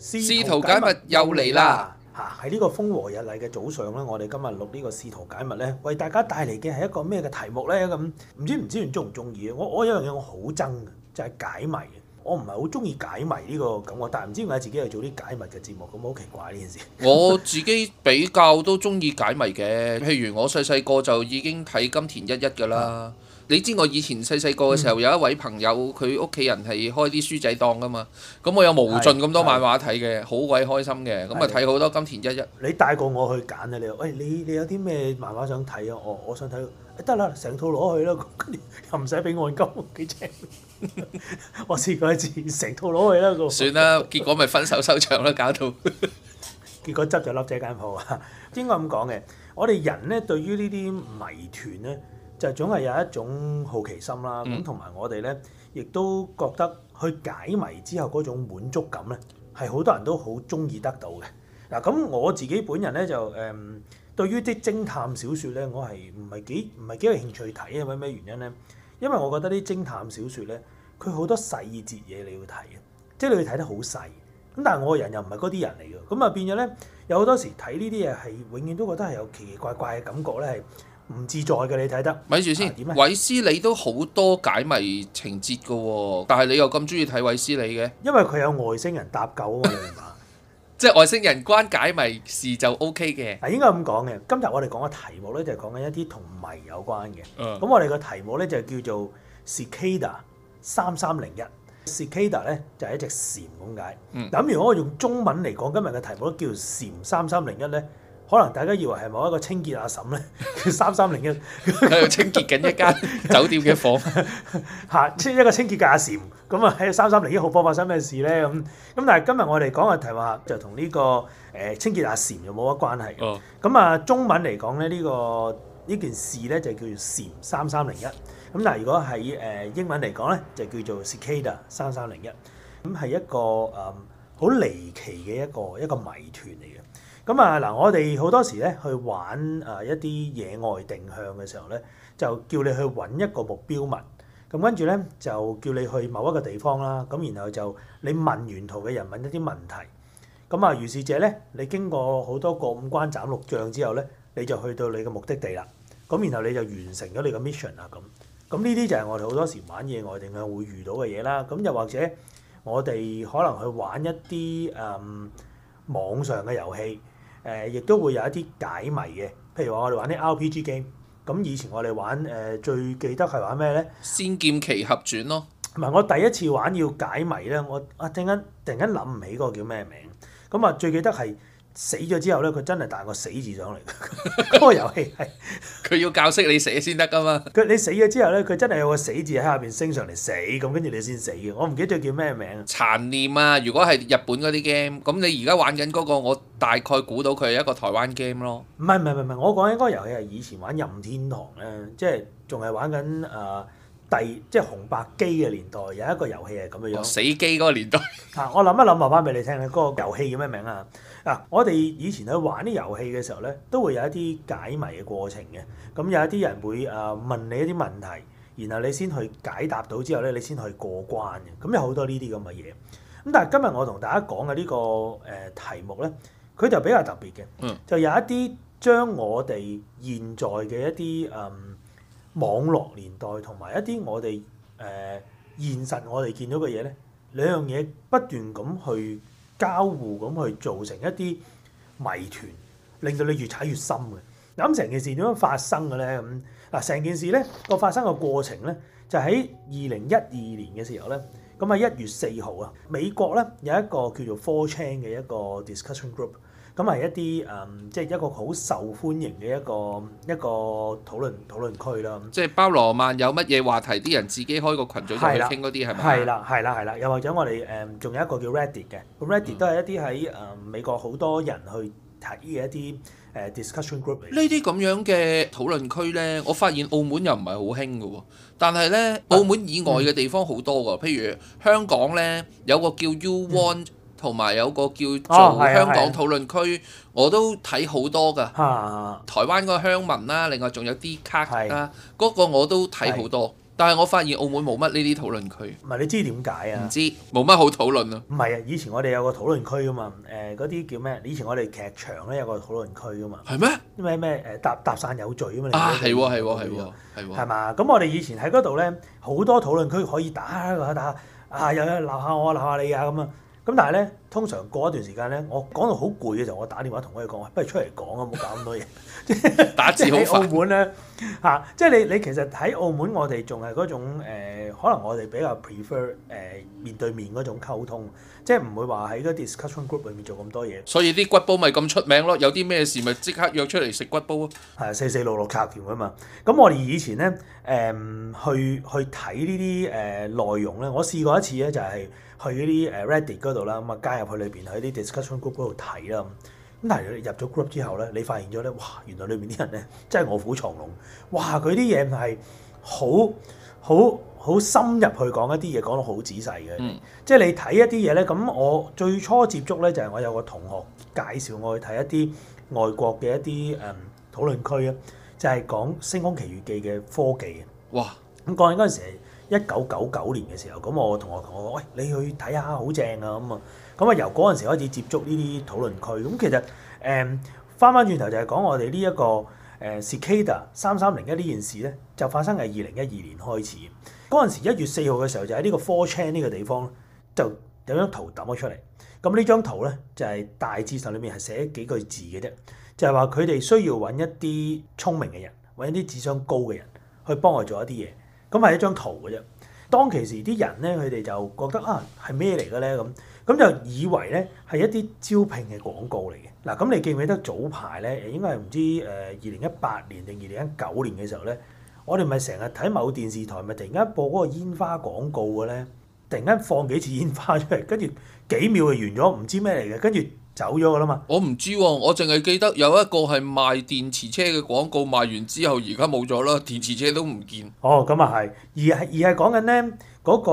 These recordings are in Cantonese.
試圖解密又嚟啦！嚇、啊，喺呢個風和日麗嘅早上咧，我哋今日錄呢個試圖解密咧，為大家帶嚟嘅係一個咩嘅題目咧？咁、嗯、唔知唔知你中唔中意咧？我我有樣嘢我好憎就係、是、解謎嘅，我唔係好中意解謎呢個感覺，但係唔知點解自己去做啲解密嘅節目，咁好奇怪呢件事。我自己比較都中意解謎嘅，譬 如我細細個就已經睇金田一一嘅啦。 你知我以前細細個嘅時候，有一位朋友，佢屋企人係開啲書仔檔噶嘛，咁我有無盡咁多漫畫睇嘅，好鬼開心嘅，咁啊睇好多金田一一。你帶過我去揀啊！你，喂，你你有啲咩漫畫想睇啊？我我想睇，得啦，成套攞去啦，又唔使俾按金，幾正。我試過一次，成套攞去啦。算啦，結果咪分手收場啦，搞到。結果執咗笠嗰間鋪啊！應該咁講嘅，我哋人咧，對於呢啲謎團咧，就總係有一種好奇心啦，咁同埋我哋咧，亦都覺得去解謎之後嗰種滿足感咧，係好多人都好中意得到嘅。嗱，咁我自己本人咧就誒、嗯，對於啲偵探小説咧，我係唔係幾唔係幾有興趣睇啊？為咩原因咧？因為我覺得啲偵探小説咧，佢好多細節嘢你要睇嘅，即係你要睇得好細。咁但係我個人又唔係嗰啲人嚟嘅，咁啊變咗咧，有好多時睇呢啲嘢係永遠都覺得係有奇奇怪怪嘅感覺咧，係。唔自在嘅，你睇得咪住先點咧？《韋斯利》都好多解謎情節嘅、哦，但係你又咁中意睇《韋斯利》嘅？因為佢有外星人搭救啊嘛，你明 即係外星人關解謎事就 OK 嘅。啊、嗯，應該咁講嘅。今日我哋講嘅題目咧，就係講緊一啲同謎有關嘅。咁、嗯、我哋嘅題目咧就叫做 1,《Cicada 三三零一》。Cicada 咧就係一隻蟬咁解。嗯。咁如果我用中文嚟講，今日嘅題目都叫做《蟬三三零一》咧。可能大家以為係某一個清潔阿嬸咧，三三零一喺度清潔緊一間酒店嘅房，嚇，即係一個清潔嘅阿嬸。咁啊喺三三零一號房發生咩事咧？咁咁但係今日我哋講嘅題目就同呢個誒清潔阿嬸又冇乜關係嘅。咁啊中文嚟講咧，呢個呢件事咧就叫做蟬三三零一。咁但係，如果喺誒英文嚟講咧，就叫做 Cicada 三三零一。咁係一個誒好離奇嘅一個一個謎團嚟。咁啊嗱，我哋好多時咧去玩啊一啲野外定向嘅時候咧，就叫你去揾一個目標物，咁跟住咧就叫你去某一個地方啦，咁然後就你問沿途嘅人問一啲問題，咁啊如是者咧，你經過好多個五關斬六將之後咧，你就去到你嘅目的地啦，咁然後你就完成咗你嘅 mission 啊咁，咁呢啲就係我哋好多時玩野外定向會遇到嘅嘢啦，咁又或者我哋可能去玩一啲誒、嗯、網上嘅遊戲。誒，亦都會有一啲解謎嘅，譬如話我哋玩啲 RPG game，咁以前我哋玩誒最記得係玩咩咧？《仙劍奇俠傳》咯。唔係，我第一次玩要解謎咧，我啊，陣間突然間諗唔起嗰個叫咩名，咁啊最記得係。死咗之後咧，佢真係彈個死字上嚟。嗰 個遊戲係佢要教識你死先得噶嘛。佢你死咗之後咧，佢真係有個死字喺下邊升上嚟死，咁跟住你先死嘅。我唔記得咗叫咩名啊？殘念啊！如果係日本嗰啲 game，咁你而家玩緊嗰、那個，我大概估到佢係一個台灣 game 咯。唔係唔係唔係，我講緊嗰個遊戲係以前玩任天堂咧，即係仲係玩緊誒、呃、第即係紅白機嘅年代有一個遊戲係咁嘅樣、哦。死機嗰個年代。嗱， 我諗一諗話翻俾你聽咧，嗰、那個遊戲叫咩名啊？嗱、啊，我哋以前去玩啲遊戲嘅時候咧，都會有一啲解謎嘅過程嘅。咁、嗯、有一啲人會誒、呃、問你一啲問題，然後你先去解答到之後咧，你先去過關嘅。咁、嗯、有好多呢啲咁嘅嘢。咁、嗯、但係今日我同大家講嘅呢個誒、呃、題目咧，佢就比較特別嘅，就有一啲將我哋現在嘅一啲誒、嗯、網絡年代同埋一啲我哋誒、呃、現實我哋見到嘅嘢咧，兩樣嘢不斷咁去交互咁去造成一啲迷團，令到你越踩越深嘅。嗱，咁成件事點樣發生嘅咧？咁，嗱，成件事咧，個發生嘅過程咧，就喺二零一二年嘅時候咧，咁，啊一月四號啊，美國咧有一個叫做 4chan 嘅一個 discussion group。咁係一啲誒，即、嗯、係、就是、一個好受歡迎嘅一個一個討論討論區啦。即係包羅萬有乜嘢話題，啲人自己開個羣組去傾嗰啲係咪？係啦的，係啦，係啦。又或者我哋誒仲有一個叫 Reddit 嘅，個 Reddit 都係一啲喺誒美國好多人去睇嘅一啲誒 discussion group。呢啲咁樣嘅討論區咧，我發現澳門又唔係好興嘅喎，但係咧澳門以外嘅地方好多㗎，啊嗯、譬如香港咧有個叫 Uwants。同埋有個叫做、哦啊啊、香港討論區，啊啊、我都睇好多噶。啊、台灣嗰個鄉民啦，另外仲有 D 卡啦，嗰、啊、個我都睇好多。啊、但係我發現澳門冇乜呢啲討論區。唔係你知點解啊？唔知冇乜好討論咯、啊。唔係啊，以前我哋有個討論區噶嘛，誒嗰啲叫咩？以前我哋劇場咧有個討論區噶嘛。係咩嗎？咩咩誒？搭搭散有罪啊嘛？啊係喎係喎係喎係喎，係嘛？咁我哋以前喺嗰度咧，好多討論區可以打啊打，打，打啊，啊有鬧下我鬧下你啊咁啊。啊啊咁但係咧，通常過一段時間咧，我講到好攰嘅時候，我打電話同佢哋講話，不如出嚟講啊，冇搞咁多嘢。打字好快。喺 澳門咧嚇、啊，即係你你其實喺澳門我，我哋仲係嗰種可能我哋比較 prefer 誒、呃、面對面嗰種溝通，即係唔會話喺個 discussion group 裏面做咁多嘢。所以啲骨煲咪咁出名咯，有啲咩事咪即刻約出嚟食骨煲咯。係、啊、四四六六擦掉啊嘛。咁我哋以前咧誒、嗯、去去睇呢啲誒內容咧，我試過一次咧，就係、是、去嗰啲誒 Reddit 嗰度啦，咁、嗯、啊加入去裏邊喺啲 discussion group 嗰度睇啦。咁係，但入咗 group 之後咧，你發現咗咧，哇！原來裏面啲人咧，真係卧虎藏龍，哇！佢啲嘢係好好好深入去講一啲嘢，講得好仔細嘅。嗯、即係你睇一啲嘢咧，咁我最初接觸咧就係、是、我有個同學介紹我去睇一啲外國嘅一啲誒、嗯、討論區啊，就係講《星空奇遇記》嘅科技嘅。哇！咁講緊嗰陣時係一九九九年嘅時候，咁我同學同我話：喂、哎，你去睇下，好正啊！咁啊。咁啊，由嗰陣時開始接觸呢啲討論區。咁其實誒，翻翻轉頭就係講我哋呢一個誒，Cicada 三三零一呢件事咧，就發生喺二零一二年開始。嗰陣時一月四號嘅時候，就喺呢個 4chan 呢個地方就有張圖掟咗出嚟。咁呢張圖咧，就係、是、大致上裏面係寫幾句字嘅啫，就係話佢哋需要揾一啲聰明嘅人，揾一啲智商高嘅人去幫我做一啲嘢。咁係一張圖嘅啫。當其時啲人咧，佢哋就覺得啊，係咩嚟嘅咧咁？咁就以為咧係一啲招聘嘅廣告嚟嘅。嗱，咁你記唔記得早排咧？應該係唔知誒二零一八年定二零一九年嘅時候咧，我哋咪成日睇某電視台咪突然間播嗰個煙花廣告嘅咧，突然間放幾次煙花出嚟，跟住幾秒就完咗，唔知咩嚟嘅，跟住走咗㗎啦嘛。我唔知喎、啊，我淨係記得有一個係賣電池車嘅廣告，賣完之後而家冇咗啦，電池車都唔見。哦，咁啊係，而係而係講緊咧嗰個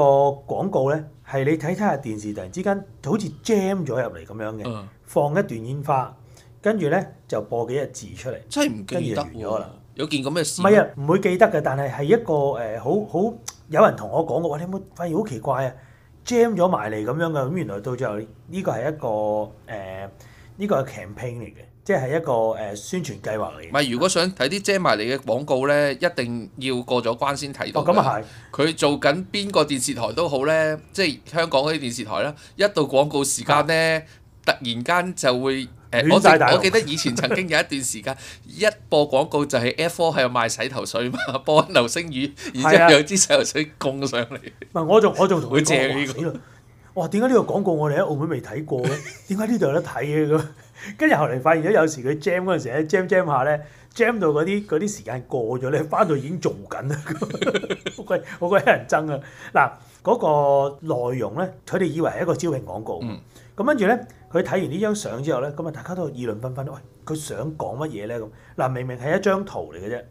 廣告咧。係你睇睇下電視，突然之間好似 jam 咗入嚟咁樣嘅，放一段煙花，跟住咧就播幾隻字出嚟，真係唔記得咗啦。有見過咁嘅事？唔係啊，唔會記得嘅。但係係一個誒，好好有人同我講嘅話，你冇發現好奇怪啊，jam 咗埋嚟咁樣嘅。咁原來到最後呢個係一個誒，呢、呃呢個係 campaign 嚟嘅。即係一個誒、呃、宣傳計劃嚟嘅。咪如果想睇啲遮埋嚟嘅廣告呢，一定要過咗關先睇到。咁啊佢做緊邊個電視台都好呢，即係香港嗰啲電視台啦。一到廣告時間呢，嗯、突然間就會誒，呃、我我記得以前曾經有一段時間， 一播廣告就係 F4 喺度賣洗頭水嘛，播緊流星雨， 啊、然之後有支洗頭水供上嚟。唔係、嗯、我仲我仲同佢借呢這個。哇！點解呢個廣告我哋喺澳門未睇過呢？點解呢度有得睇嘅？跟住後嚟發現咗，有時佢 jam 嗰陣時咧，jam jam 下咧，jam 到嗰啲啲時間過咗咧，翻到已經做緊啦，好鬼好鬼人憎啊！嗱，嗰個內容咧，佢哋以為係一個招聘廣告，咁跟住咧，佢睇完呢張相之後咧，咁啊大家都議論紛紛，喂，佢想講乜嘢咧？咁嗱，明明係一張圖嚟嘅啫，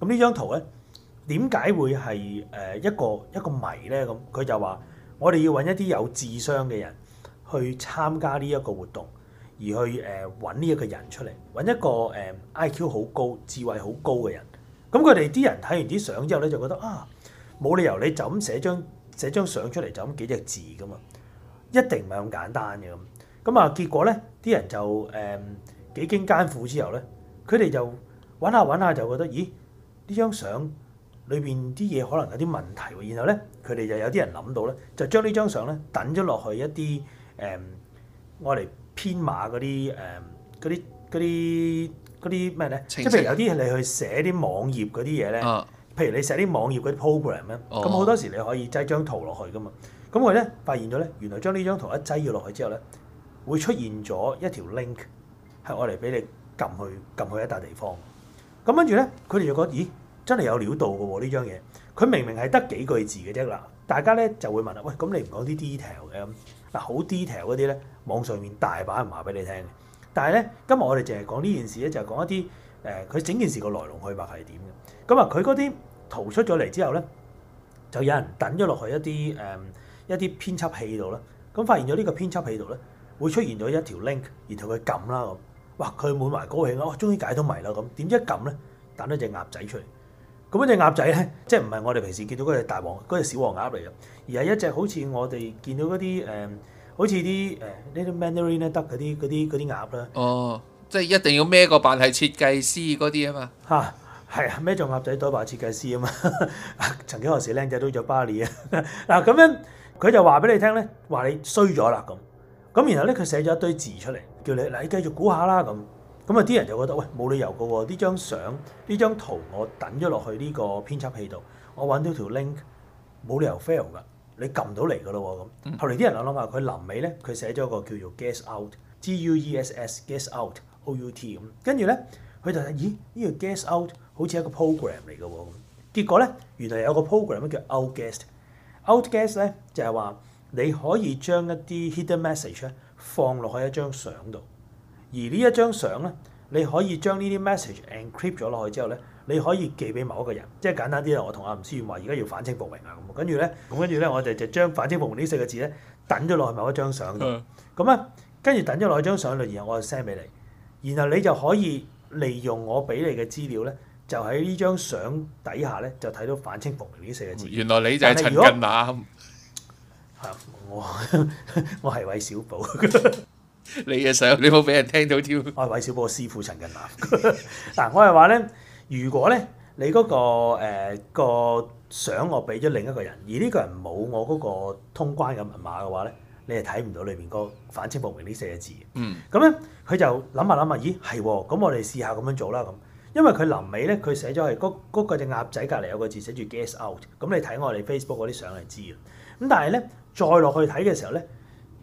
咁呢張圖咧，點解會係誒一個一個謎咧？咁佢就話：我哋要揾一啲有智商嘅人去參加呢一個活動。而去誒揾呢一個人出嚟，揾一個誒 IQ 好高、智慧好高嘅人。咁佢哋啲人睇完啲相之後咧，就覺得啊，冇理由你就咁寫張寫張相出嚟就咁幾隻字㗎嘛，一定唔係咁簡單嘅咁。咁啊，結果咧，啲人就誒、嗯、幾經艱苦之後咧，佢哋就揾下揾下就覺得，咦，呢張相裏邊啲嘢可能有啲問題喎。然後咧，佢哋就有啲人諗到咧，就將呢張相咧等咗落去一啲誒愛嚟。嗯編碼嗰啲誒，嗰啲啲啲咩咧？即係譬如有啲係你去寫啲網頁嗰啲嘢咧，呢清清譬如你寫啲網頁嗰啲 program 咧，咁好、啊、多時你可以擠張圖落去噶嘛。咁佢咧，發現咗咧，原來將呢張圖一擠咗落去之後咧，會出現咗一條 link 係我嚟俾你撳去撳去一笪地方。咁跟住咧，佢哋就覺得，咦，真係有料到噶喎呢張嘢。佢明明係得幾句字嘅啫啦。大家咧就會問啦，喂，咁你唔講啲 detail 嘅嗱好 detail 嗰啲咧，網上面大把人話俾你聽嘅。但係咧，今日我哋淨係講呢件事咧，就係、是、講一啲誒，佢、呃、整件事個來龍去脈係點嘅。咁、嗯、啊，佢嗰啲圖出咗嚟之後咧，就有人抌咗落去一啲誒、嗯、一啲編輯器度啦。咁、嗯、發現咗呢個編輯器度咧，會出現咗一條 link 然後佢撳啦咁。哇，佢滿懷高興啦，我、哦、終於解到謎啦咁。點知一撳咧，彈咗隻鴨仔出嚟。咁一隻鴨仔咧，即係唔係我哋平時見到嗰隻大黃、嗰隻小黃鴨嚟嘅，而係一隻好似我哋見到嗰啲誒，好似啲誒 l 啲 Mandarin 得嗰啲、嗰、呃、啲、啲鴨啦。哦，即係一定要孭個扮係設計師嗰啲啊嘛。吓？係啊，孭做、啊、鴨仔都扮設計師啊嘛呵呵。曾經何時靚仔都做巴黎啊？嗱咁樣佢就話俾你聽咧，話你衰咗啦咁。咁然後咧，佢寫咗一堆字出嚟，叫你嗱，你繼續估下啦咁。咁啊！啲人就覺得喂，冇理由噶喎、哦，呢張相呢張圖我等咗落去呢個編輯器度，我揾到條 link 冇理由 fail 噶，你撳到嚟噶咯喎咁。嗯、後嚟啲人又諗諗下，佢臨尾咧佢寫咗個叫做 guess out，G-U-E-S-S guess out O-U-T 咁。跟住咧佢就咦呢、這個 guess out 好似一個 program 嚟噶喎。結果咧原來有個 program 叫 outguess，outguess 咧就係、是、話你可以將一啲 hidden message 咧放落去一張相度。而呢一張相咧，你可以將呢啲 message encrypt 咗落去之後咧，你可以寄俾某一個人。即係簡單啲啦，我同阿吳思遠話，而家要反清復明啊咁。跟住咧，咁跟住咧，我哋就將反清復明呢四個字咧，等咗落去某一張相度。咁啊、嗯，跟住等咗落去張相度，然後我就 send 俾你。然後你就可以利用我俾你嘅資料咧，就喺呢張相底下咧，就睇到反清復明呢四個字、嗯。原來你就係陳近南？ 我我係韋小寶。 你嘅相你冇俾人聽到添。我係韋小寶師傅陳近南。嗱、 啊，我係話咧，如果咧你嗰、那個誒相、呃那個、我俾咗另一個人，而呢個人冇我嗰個通關嘅密碼嘅話咧，你係睇唔到裏邊個反清復明呢四個字嘅。嗯。咁咧佢就諗下諗下，咦係喎，咁我哋試下咁樣做啦咁。因為佢臨尾咧，佢寫咗係嗰嗰隻鴨仔隔離有個字寫住 g u e s s out，咁、嗯、你睇我哋 Facebook 嗰啲相係知嘅。咁、嗯、但係咧再落去睇嘅時候咧。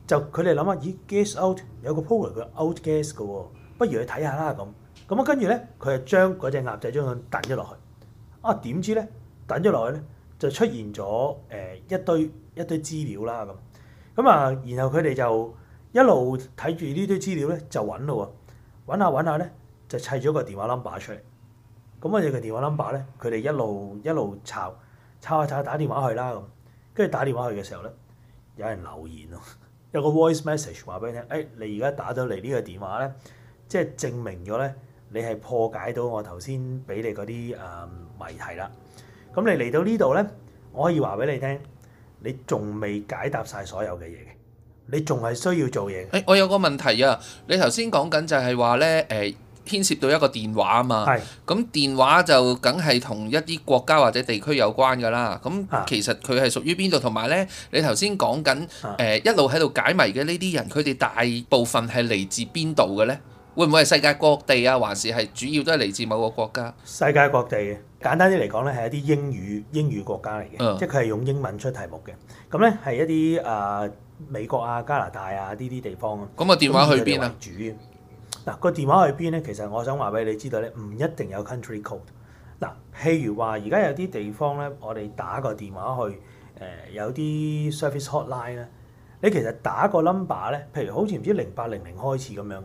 就佢哋諗啊，咦，gas out 有個 program 嘅 out gas 嘅喎，不如去睇下啦咁。咁啊跟住咧，佢就將嗰隻鴨仔將佢抌咗落去。啊點知咧，抌咗落去咧就出現咗誒一堆一堆資料啦咁。咁啊，然後佢哋就一路睇住呢堆資料咧就揾咯喎，揾下揾下咧就砌咗個電話 number 出嚟。咁啊，個電話 number 咧佢哋一路一路抄抄下抄下打電話去啦咁。跟住打電話去嘅時候咧，有人留言咯。有個 voice message 話俾你聽，誒、哎，你而家打咗嚟呢個電話咧，即係證明咗咧，你係破解到我頭先俾你嗰啲誒謎題啦。咁你嚟到呢度咧，我可以話俾你聽，你仲未解答晒所有嘅嘢嘅，你仲係需要做嘢。誒、哎，我有個問題啊，你頭先講緊就係話咧，誒、哎。牽涉到一個電話啊嘛，咁是電話就梗係同一啲國家或者地區有關㗎啦。咁其實佢係屬於邊度？同埋咧，你頭先講緊誒一路喺度解謎嘅呢啲人，佢哋大部分係嚟自邊度嘅咧？會唔會係世界各地啊？還是係主要都係嚟自某個國家？世界各地，簡單啲嚟講咧，係一啲英語英語國家嚟嘅，嗯、即係佢係用英文出題目嘅。咁咧係一啲啊、呃、美國啊、加拿大啊呢啲地方。咁個電話去邊啊？嗱，個電話去邊咧？其實我想話俾你知道咧，唔一定有 country code。嗱，譬如話而家有啲地方咧，我哋打個電話去誒、呃、有啲 service hotline 咧，你其實打個 number 咧，譬如好似唔知零八零零開始咁樣嘅，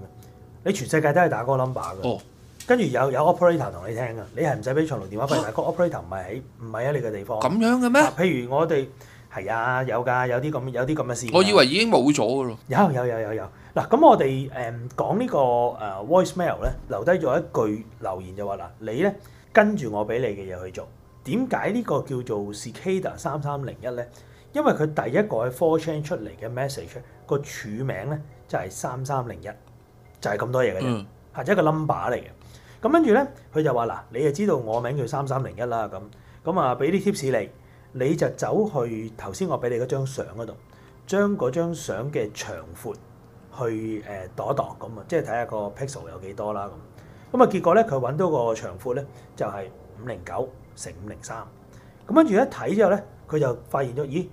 你全世界都係打嗰個 number 嘅。哦、oh.，跟住有有 operator 同你聽㗎，你係唔使俾長途電話費，但係、oh. 個 operator 唔係喺唔係喺你嘅地方。咁樣嘅咩？譬如我哋。係啊，有㗎，有啲咁有啲咁嘅事。我以為已經冇咗㗎咯。有有有有有。嗱，咁我哋誒、嗯、講個 voice mail 呢個誒 voicemail 咧，留低咗一句留言就話嗱，你咧跟住我俾你嘅嘢去做。點解呢個叫做 Cicada 三三零一咧？因為佢第一個喺 4chan 出嚟嘅 message 個署名咧就係三三零一，就係、是、咁多嘢嘅啫，嗯、或者一個 number 嚟嘅。咁跟住咧，佢就話嗱，你就知道我名叫三三零一啦，咁咁啊，俾啲貼士你。你就走去頭先我俾你嗰張相嗰度，度，將嗰張相嘅長闊去誒度一度咁啊，即係睇下個 Pixel 有幾多啦咁。咁啊結果咧，佢揾到個長闊咧就係五零九乘五零三。咁跟住一睇之後咧，佢就發現咗，咦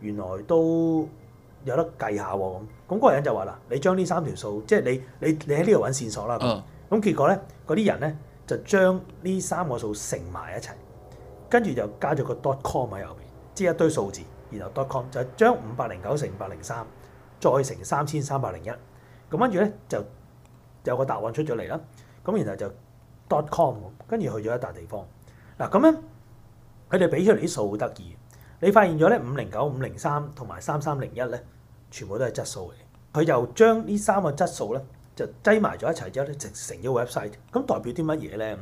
原來都有得計下喎咁。咁嗰個人就話啦：你將呢三條數，即係你你你喺呢度揾線索啦。咁結果咧，嗰啲人咧就將呢三個數乘埋一齊。跟住就加咗個 .com 喺後面，即係一堆數字，然後 .com 就係將五百零九乘五百零三，再乘三千三百零一，咁跟住咧就有個答案出咗嚟啦。咁然後就 dot .com，跟住去咗一笪地方。嗱，咁樣呢，佢哋俾出嚟啲數好得意，你發現咗咧五零九、五零三同埋三三零一咧，全部都係質數嚟。佢就將呢三個質數咧就擠埋咗一齊之後咧，整成咗 website。咁代表啲乜嘢咧？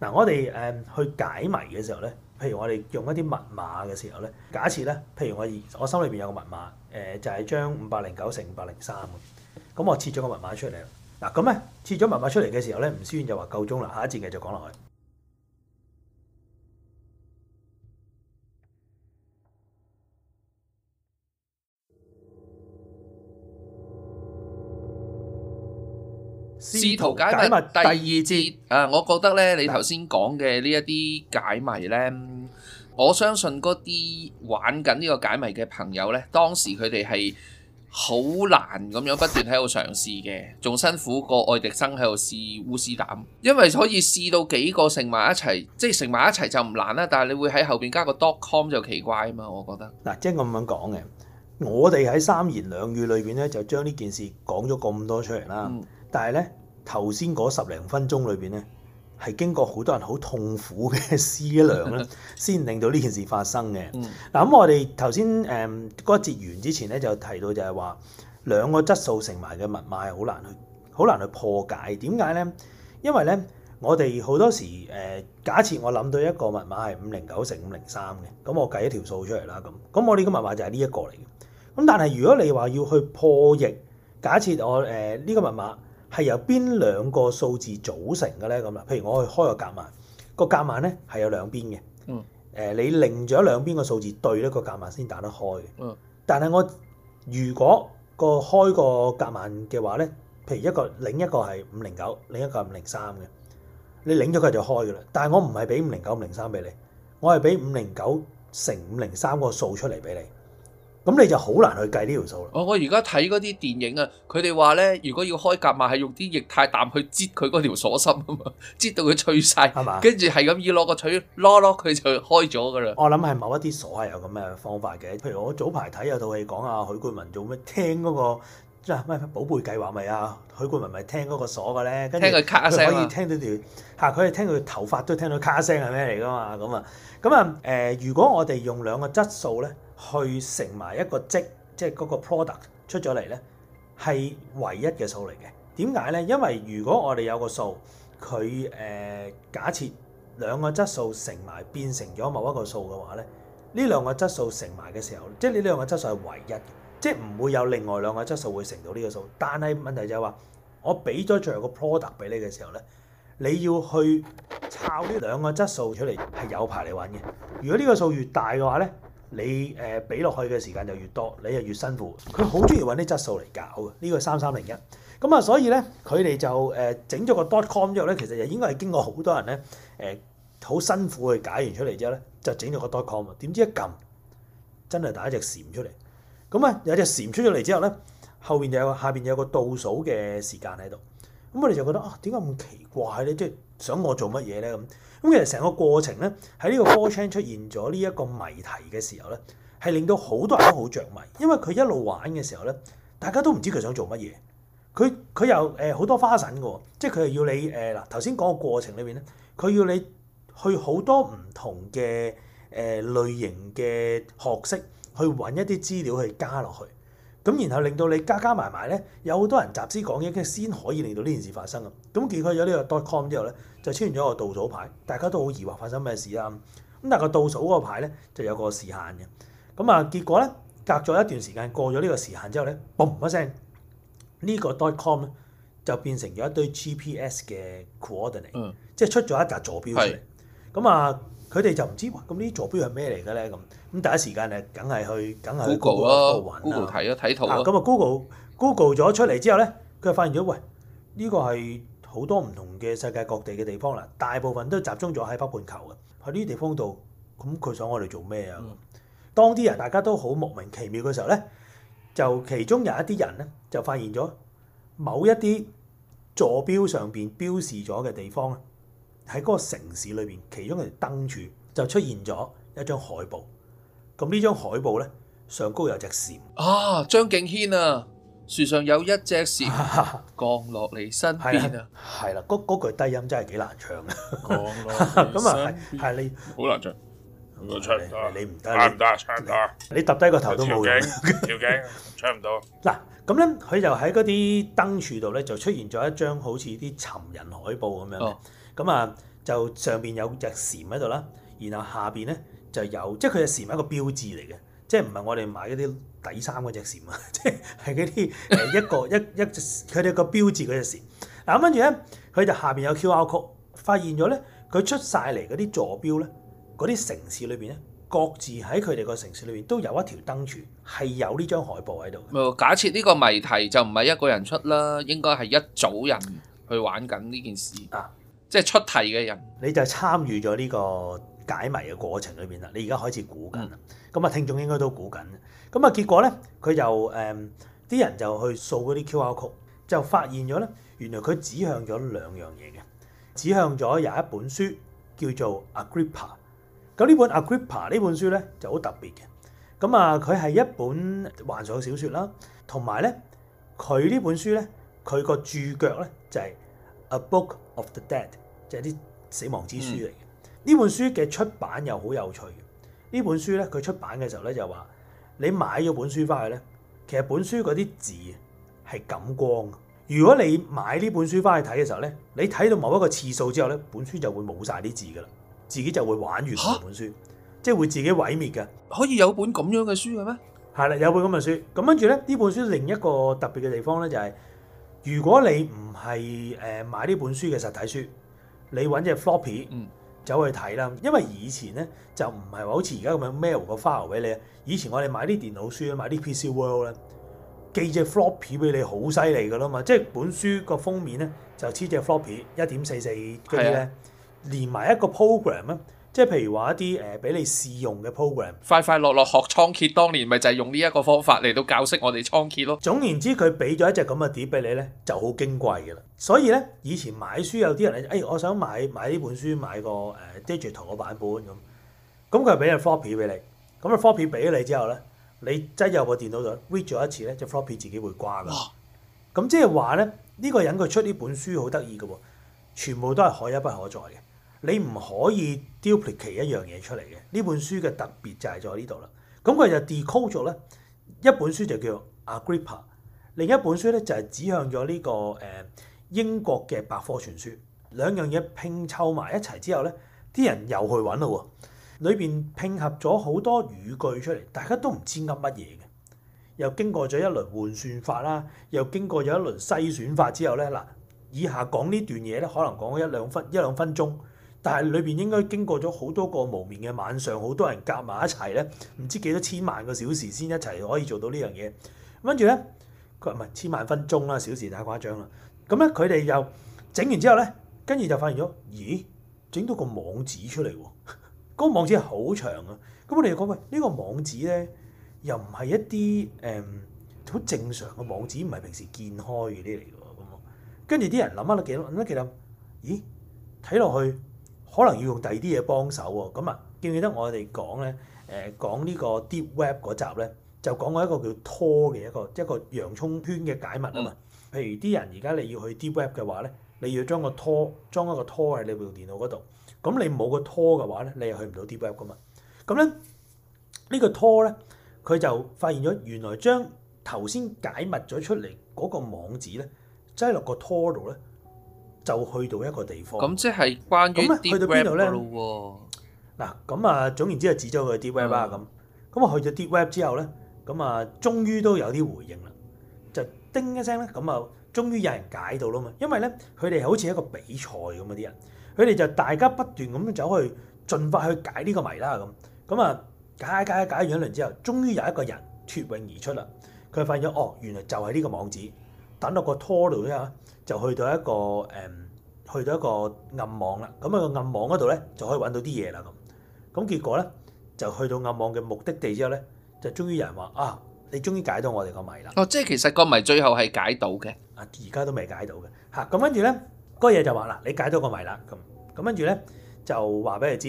嗱、嗯，我哋誒去解謎嘅時候咧，譬如我哋用一啲密碼嘅時候咧，假設咧，譬如我我心裏邊有個密碼，誒、呃、就係、是、將五百零九乘五百零三嘅，咁我切咗個密碼出嚟啦。嗱，咁咧切咗密碼出嚟嘅時候咧，吳思遠就話夠鐘啦，下一節繼續講落去。試圖解密第，第二節啊！我覺得咧，對 你頭先講嘅呢一啲解密咧，我相信嗰啲玩緊呢個解密嘅朋友咧，當時佢哋係好難咁樣不斷喺度嘗試嘅，仲辛苦過愛迪生喺度試烏絲膽，因為可以試到幾個成埋一齊，即係成埋一齊就唔難啦。但係你會喺後邊加個 dot com 就奇怪啊嘛！我覺得嗱，即係我咁樣講嘅，我哋喺三言兩語裏邊咧，就將呢件事講咗咁多出嚟啦。但係咧，頭先嗰十零分鐘裏邊咧，係經過好多人好痛苦嘅思量咧，先令到呢件事發生嘅。嗱、嗯，咁、嗯、我哋頭先誒嗰節完之前咧，就提到就係話兩個質數乘埋嘅密碼係好難去好難去難去破解。點解咧？因為咧，我哋好多時誒、呃，假設我諗到一個密碼係五零九乘五零三嘅，咁我計一條數出嚟啦。咁，咁我呢個密碼就係呢一個嚟嘅。咁但係如果你話要去破譯，假設我誒呢、呃呢個密碼。係由邊兩個數字組成嘅咧？咁啦，譬如我去開個夾萬，個夾萬咧係有兩邊嘅。嗯。誒、呃，你擰咗兩邊個數字對咧，個夾萬先打得開嘅。嗯。但係我如果個開個夾萬嘅話咧，譬如一個擰一個係五零九，擰一個係五零三嘅，你擰咗佢就開嘅啦。但係我唔係俾五零九五零三俾你，我係俾五零九乘五零三個數出嚟俾你。咁你就好難去計呢條數啦。我我而家睇嗰啲電影啊，佢哋話咧，如果要開夾萬，係用啲液態氮去擠佢嗰條鎖芯啊嘛，擠到佢脆晒。係嘛吧，跟住係咁要攞個錘攞攞佢就開咗噶啦。我諗係某一啲鎖係有咁嘅方法嘅，譬如我早排睇有套戲講啊、那個，許冠文做咩聽嗰個即係咩咩寶貝計劃咪啊？許冠文咪聽嗰個鎖嘅咧，聽佢咔聲，可以聽到條吓，佢、啊、以聽佢頭髮都聽到咔聲係咩嚟噶嘛，咁啊，咁啊誒？如果我哋用兩個質數咧？去乘埋一個積，即係嗰個 product 出咗嚟咧，係唯一嘅數嚟嘅。點解咧？因為如果我哋有個數，佢誒、呃、假設兩個質數乘埋變成咗某一個數嘅話咧，呢兩個質數乘埋嘅時候，即係呢兩個質數係唯一嘅，即係唔會有另外兩個質數會乘到呢個數。但係問題就係、是、話，我俾咗最後個 product 俾你嘅時候咧，你要去抄呢兩個質數出嚟，係有排嚟玩嘅。如果呢個數越大嘅話咧，你誒俾落去嘅時間就越多，你就越辛苦。佢好中意搵啲質素嚟搞嘅，呢、這個三三零一。咁、嗯、啊，所以咧，佢哋就誒、呃、整咗個 dot com 之後咧，其實應該係經過好多人咧誒好辛苦去解完出嚟之後咧，就整咗個 dot com 啊。點知一撳，真係打一隻蟬出嚟。咁、嗯、啊、嗯，有隻蟬出咗嚟之後咧，後邊有下邊有個倒數嘅時間喺度。咁我哋就覺得啊，點解咁奇怪咧？即係想我做乜嘢咧咁？嗯咁其實成個過程咧，喺呢個 4chan 出現咗呢一個謎題嘅時候咧，係令到好多人都好着迷，因為佢一路玩嘅時候咧，大家都唔知佢想做乜嘢。佢佢又誒好多花臣嘅，即係佢係要你誒嗱，頭先講個過程裏邊咧，佢要你去好多唔同嘅誒類型嘅學識去揾一啲資料去加落去。咁然後令到你加加埋埋咧，有好多人集資講嘢，先可以令到呢件事發生嘅、這個。咁結果，咗呢個 dotcom 之後咧，就出現咗一個倒數牌，大家都好疑惑發生咩事啦。咁但係個倒數嗰個牌咧就有個時限嘅。咁啊，結果咧隔咗一段時間，過咗呢個時限之後咧，嘣一聲，這個、com 呢個 dotcom 咧就變成咗一堆 GPS 嘅 coordinate，、嗯、即係出咗一沓坐標出嚟。咁啊是的，佢哋就唔知話，咁呢啲坐標係咩嚟嘅咧咁。咁第一時間咧，梗係去，梗係 Go Google 咯睇咯，睇圖咁啊，Google，Google 咗出嚟之後咧，佢就發現咗，喂，呢、這個係好多唔同嘅世界各地嘅地方啦，大部分都集中咗喺北半球嘅，喺呢啲地方度，咁佢想我哋做咩啊？嗯、當啲人大家都好莫名其妙嘅時候咧，就其中有一啲人咧，就發現咗某一啲坐標上邊標示咗嘅地方咧，喺嗰個城市裏邊，其中一個燈柱就出現咗一張海報。咁呢張海報咧，上高有隻蟬啊！張敬軒啊，樹上有一隻蟬降落嚟身邊啊！係啦，嗰句低音真係幾難唱啊！降落嚟身邊啊！係你好難唱，你唱唔到，你唔得，你唔得，唱你揼低個頭都冇用，條頸，唱唔到。嗱，咁咧，佢就喺嗰啲燈柱度咧，就出現咗一張好似啲尋人海報咁樣嘅，咁啊，就上邊有隻蟬喺度啦，然後下邊咧。就有，即係佢隻蟬咪一個標誌嚟嘅，即係唔係我哋買嗰啲底衫嗰隻蟬啊，即係係嗰啲誒一個一一佢哋個標誌嗰隻蟬。嗱咁跟住咧，佢就下邊有 QR code，發現咗咧，佢出晒嚟嗰啲座標咧，嗰啲城市裏邊咧，各自喺佢哋個城市裏邊都有一條燈柱係有呢張海報喺度。唔係，假設呢個謎題就唔係一個人出啦，應該係一組人去玩緊呢件事。啊，即係出題嘅人，你就係參與咗呢個解謎嘅過程裏邊啦，你而家開始估緊啦，咁啊聽眾應該都估緊，咁啊結果咧，佢就誒啲、呃、人就去掃嗰啲 QR code，就發現咗咧，原來佢指向咗兩樣嘢嘅，指向咗有一本書叫做 Agrippa，咁呢本 Agrippa 呢本書咧就好特別嘅，咁啊佢係一本幻想小説啦，同埋咧佢呢本書咧佢個注腳咧就係 A Book of the Dead，就係啲死亡之書嚟嘅。嗯呢本書嘅出版又好有趣嘅，呢本書咧佢出版嘅時候咧就話：你買咗本書翻去咧，其實本書嗰啲字係感光嘅。如果你買呢本書翻去睇嘅時候咧，你睇到某一個次數之後咧，本書就會冇晒啲字噶啦，自己就會玩完本書，即係會自己毀滅嘅。可以有本咁樣嘅書嘅咩？係啦，有本咁嘅書。咁跟住咧，呢本書另一個特別嘅地方咧就係：如果你唔係誒買呢本書嘅實體書，你揾隻 floppy，嗯。走去睇啦，因為以前咧就唔係話好似而家咁樣 mail 個 file 俾你。以前我哋買啲電腦書咧，買啲 PC World 咧，寄隻 floppy 俾你好犀利嘅咯嘛。即係本書個封面咧就黐隻 floppy，一點四四嗰啲咧，連埋一個 program 咧。即係譬如話一啲誒俾你試用嘅 program，快快樂樂學倉頡，當年咪就係用呢一個方法嚟到教識我哋倉頡咯。總言之，佢俾咗一隻咁嘅碟俾你咧，就好矜貴嘅啦。所以咧，以前買書有啲人誒、哎，我想買買呢本書，買個誒、呃、digital 嘅版本咁，咁佢係俾個 floppy 俾你，咁個 floppy 俾咗你之後咧，你擠入個電腦度 read 咗一次咧，就、那個、floppy 自己會瓜嘅。咁即係話咧，呢、這個人佢出呢本書好得意嘅喎，全部都係可一不可再嘅。你唔可以 duplicate 一樣嘢出嚟嘅，呢本書嘅特別就係在呢度啦。咁佢就 decode 咗咧，一本書就叫《Agrippa》，另一本書咧就係指向咗呢、這個誒、呃、英國嘅百科全書。兩樣嘢拼湊埋一齊之後咧，啲人又去揾啦喎，裏邊拼合咗好多語句出嚟，大家都唔知噏乜嘢嘅。又經過咗一輪換算法啦，又經過咗一輪篩選法之後咧，嗱，以下講呢段嘢咧，可能講一兩分一兩分鐘。但係裏邊應該經過咗好多個無眠嘅晚上，好多人夾埋一齊咧，唔知幾多千萬個小時先一齊可以做到呢樣嘢。跟住咧，佢話唔係千萬分鐘啦，小時太誇張啦。咁咧，佢哋又整完之後咧，跟住就發現咗，咦，整到個網址出嚟喎。嗰個網址係好長啊。咁我哋就講，喂，呢個網址咧，又唔係一啲誒好正常嘅網址，唔係平時見開嘅啲嚟㗎。咁啊，跟住啲人諗翻到幾多，諗翻幾多，咦，睇落去。可能要用第二啲嘢幫手喎，啊，咁啊記唔記得我哋講咧？誒講呢個 DeepWeb 嗰集咧，就講過一個叫拖嘅一個一個洋葱圈嘅解密啊嘛。譬如啲人而家你要去 DeepWeb 嘅話咧，你要將個拖裝一個拖喺你部電腦嗰度。咁你冇個拖嘅話咧，你又去唔到 DeepWeb 噶嘛。咁咧呢，呢個拖咧，佢就發現咗原來將頭先解密咗出嚟嗰個網址咧，擠落個拖度咧。就去到一個地方，咁即係關咁，啲、嗯、web 啦喎、嗯。嗱，咁啊總言之係指咗佢啲 web 啊咁。咁啊，去咗啲 web 之後咧，咁啊終於都有啲回應啦，就叮一聲咧，咁啊終於有人解到啦嘛。因為咧佢哋好似一個比賽咁嗰啲人，佢哋就大家不斷咁走去盡快去解呢個謎啦咁。咁啊解解解完一輪之後，終於有一個人脫穎而出啦，佢發現咗哦，原來就係呢個網址。等到個拖到之後就去到一個誒、嗯，去到一個暗網啦。咁啊個暗網嗰度咧，就可以搵到啲嘢啦咁。咁、嗯、結果咧，就去到暗網嘅目的地之後咧，就終於有人話啊，你終於解到我哋個謎啦！哦，即係其實個謎最後係解到嘅、啊嗯那個。啊，而家都未解到嘅。嚇，咁跟住咧，嗰嘢就話啦，你解到個謎啦咁。咁跟住咧，就話俾佢知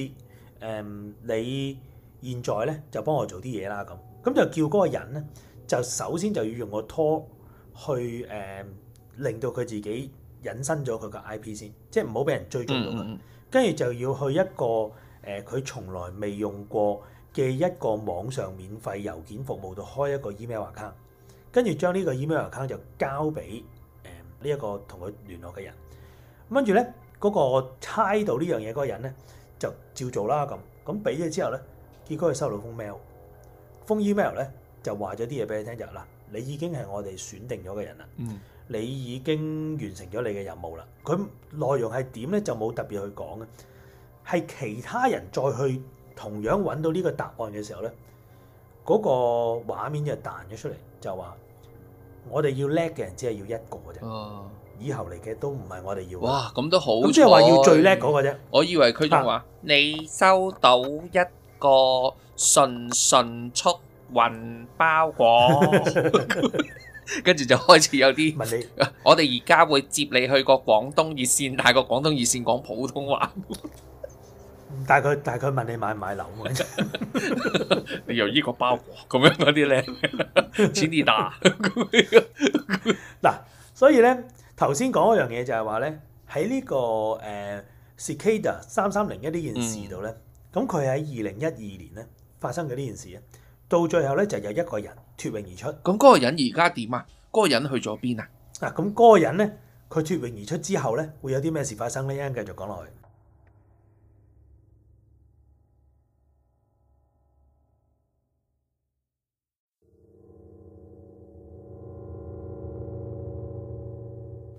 誒，你現在咧就幫我做啲嘢啦咁。咁、嗯嗯、就叫嗰個人咧，就首先就要用個拖。去誒、呃、令到佢自己隱身咗佢個 IP 先，即係唔好俾人追蹤到佢。跟住就要去一個誒佢從來未用過嘅一個網上免費郵件服務度開一個 email account，跟住將呢個 email account 就交俾誒呢一個同佢聯絡嘅人。跟住咧，嗰個猜到呢樣嘢嗰個人咧就照做啦。咁咁俾咗之後咧，結果佢收到封 email，封 email 咧就話咗啲嘢俾佢聽就係喇。你已經係我哋選定咗嘅人啦，嗯、你已經完成咗你嘅任務啦。佢內容係點咧？就冇特別去講嘅，係其他人再去同樣揾到呢個答案嘅時候咧，嗰、那個畫面就彈咗出嚟，就話我哋要叻嘅人只係要一個啫，啊、以後嚟嘅都唔係我哋要。哇，咁都好，咁即係話要最叻嗰個啫。我以為佢話但你收到一個純純速。雲包裹，跟住就開始有啲問你。我哋而家會接你去個廣東熱線，但係個廣東熱線講普通話。但係佢，但係佢問你買唔買樓？你由依個包裹咁樣嗰啲咧，錢大嗱。所以咧，頭先講嗰樣嘢就係話咧，喺呢個誒，Cicada 三三零一呢件事度咧，咁佢喺二零一二年咧，發生嘅呢件事咧。到最後咧，就有一個人脫穎而出。咁嗰個人而家點啊？嗰個人去咗邊啊？嗱，咁嗰個人咧，佢脫穎而出之後咧，會有啲咩事發生咧？一陣繼續講落去。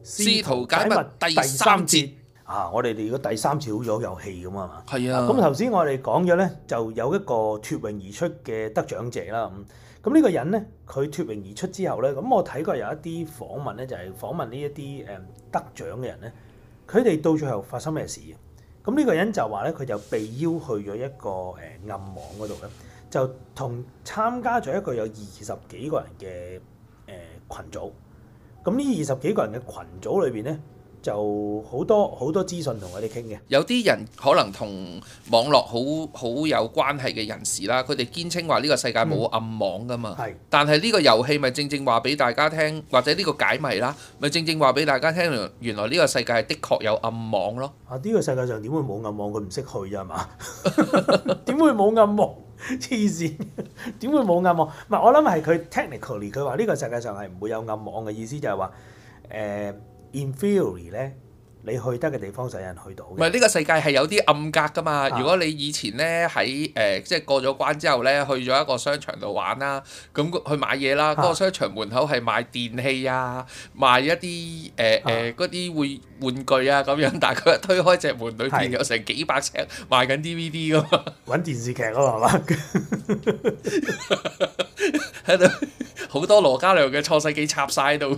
試圖解密第三節。啊！我哋如果第三次好似，有遊戲咁啊嘛，係啊的。咁頭先我哋講咗咧，就有一個脫穎而出嘅得獎者啦。咁咁呢個人咧，佢脫穎而出之後咧，咁我睇過有一啲訪問咧，就係、是、訪問呢一啲誒得獎嘅人咧，佢哋到最後發生咩事？咁呢、這個人就話咧，佢就被邀去咗一個誒暗網嗰度咧，就同參加咗一個有二十幾個人嘅誒羣組。咁呢二十幾個人嘅群組裏邊咧。就好多好多資訊同我哋傾嘅，有啲人可能同網絡好好有關係嘅人士啦，佢哋堅稱話呢個世界冇暗網㗎嘛。係，但係呢個遊戲咪正正話俾大家聽，或者呢個解謎啦，咪正正話俾大家聽，原來呢個世界係的確有暗網咯。啊！呢個世界上點會冇暗網？佢唔識去啫嘛？點會冇暗網？黐線！點會冇暗網？唔係，我諗係佢 technically，佢話呢個世界上係唔會有暗網嘅意思，就係話誒。In theory 咧，你去得嘅地方就有人去到。唔係呢個世界係有啲暗格㗎嘛？啊、如果你以前咧喺誒，即、呃、係、就是、過咗關之後咧，去咗一個商場度玩啦，咁去買嘢啦。嗰個商場門口係賣電器啊，賣一啲誒誒嗰啲會玩具啊咁樣，但係佢一推開一隻門，裏邊有成幾百尺賣緊 DVD 㗎嘛，揾電視劇嗰度係嘛？喺度好多羅嘉良嘅創世紀插曬度。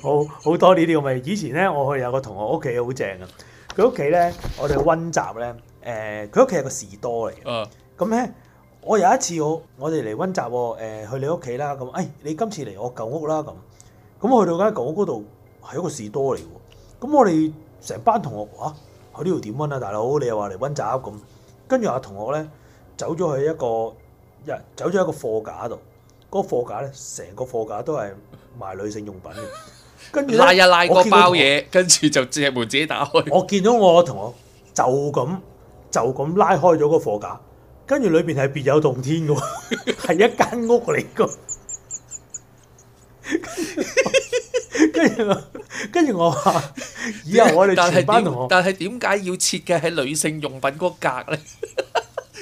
好好 多呢啲，我咪以前咧，我去有個同學屋企好正啊，佢屋企咧，我哋溫習咧，誒，佢屋企係個士多嚟嘅。咁咧，我有一次我我哋嚟溫習，誒，去你屋企啦，咁，誒、哎，你今次嚟我舊屋啦，咁，咁我去到間舊屋嗰度係一個士多嚟嘅，咁我哋成班同學，話去呢度點溫啊，溫大佬，你又話嚟溫習咁，跟住阿同學咧走咗去一個，日走咗一個貨架度，嗰、那個貨架咧，成個貨架都係。都賣女性用品，跟住拉一拉嗰包嘢，跟住就隻門自己打開。我見到我同學就咁就咁拉開咗個貨架，跟住裏邊係別有洞天嘅，係 一間屋嚟嘅。跟住跟住我話：以後我哋全班同學，但係點解要設計喺女性用品嗰格咧？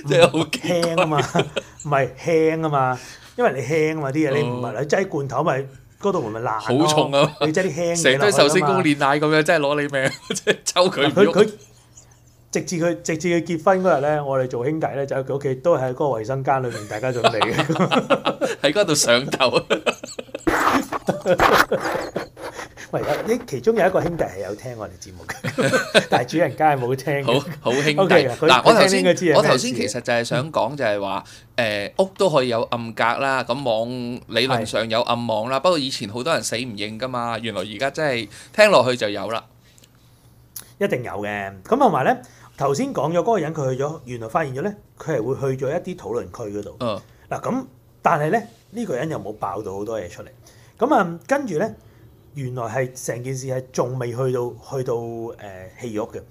即係好輕啊嘛，唔係輕啊嘛，因為你輕啊嘛啲嘢，你唔係你擠罐頭咪、就是。嗰道唔咪爛咯，好重啊，你即係啲輕嘅，成堆壽星公煉奶咁樣，真係攞你命，即係抽佢。佢佢直至佢直至佢結婚嗰日咧，我哋做兄弟咧就喺佢屋企，都係喺嗰個衞生間裏面，大家準備嘅，喺嗰度上頭。 唔係，依其中有一個兄弟係有聽我哋節目嘅，但係主人家係冇聽嘅。好，好兄弟。嗱，我頭先我頭先其實就係想講就係話，誒屋都可以有暗格啦，咁網理論上有暗網啦。不過以前好多人死唔認㗎嘛，原來而家真係聽落去就有啦，一定有嘅。咁同埋咧，頭先講咗嗰個人，佢去咗，原來發現咗咧，佢係會去咗一啲討論區嗰度。嗯。嗱咁，但係咧，呢個人又冇爆到好多嘢出嚟。咁啊，跟住咧。原來係成件事係仲未去到去到誒戲肉嘅，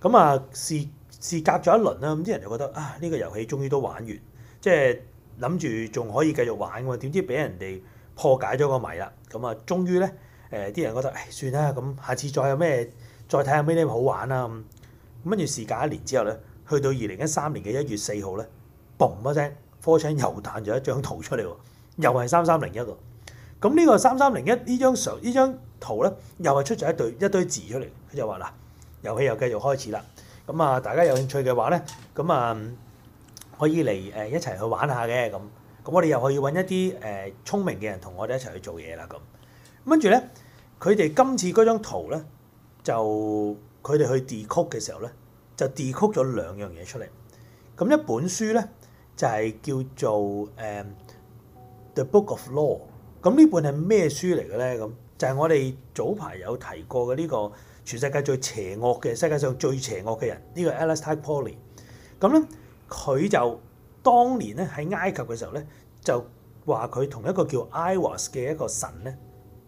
咁啊事是隔咗一輪啦，咁啲人就覺得啊呢個遊戲終於都玩完，即係諗住仲可以繼續玩嘅喎，點知俾人哋破解咗個謎啦，咁啊終於咧誒啲人覺得誒算啦，咁下次再有咩再睇下咩好玩啊。咁，跟住事隔一年之後咧，去到二零一三年嘅一月四號咧，嘣一聲 4chan 又彈咗一張圖出嚟喎，又係三三零一喎。咁呢個三三零一呢張相呢張圖咧，又係出咗一對一堆字出嚟。佢就話嗱，遊戲又繼續開始啦。咁啊，大家有興趣嘅話咧，咁啊可以嚟誒、呃、一齊去玩下嘅。咁咁，我哋又可以揾一啲誒聰明嘅人同我哋一齊去做嘢啦。咁跟住咧，佢哋今次嗰張圖咧，就佢哋去 decode 嘅時候咧，就 decode 咗兩樣嘢出嚟。咁一本書咧就係、是、叫做誒、呃《The Book of Law》。咁呢本係咩書嚟嘅咧？咁就係我哋早排有提過嘅呢個全世界最邪惡嘅，世界上最邪惡嘅人，呢個 Aleister Crowley。咁咧佢就當年咧喺埃及嘅時候咧，就話佢同一個叫 Aiwass 嘅一個神咧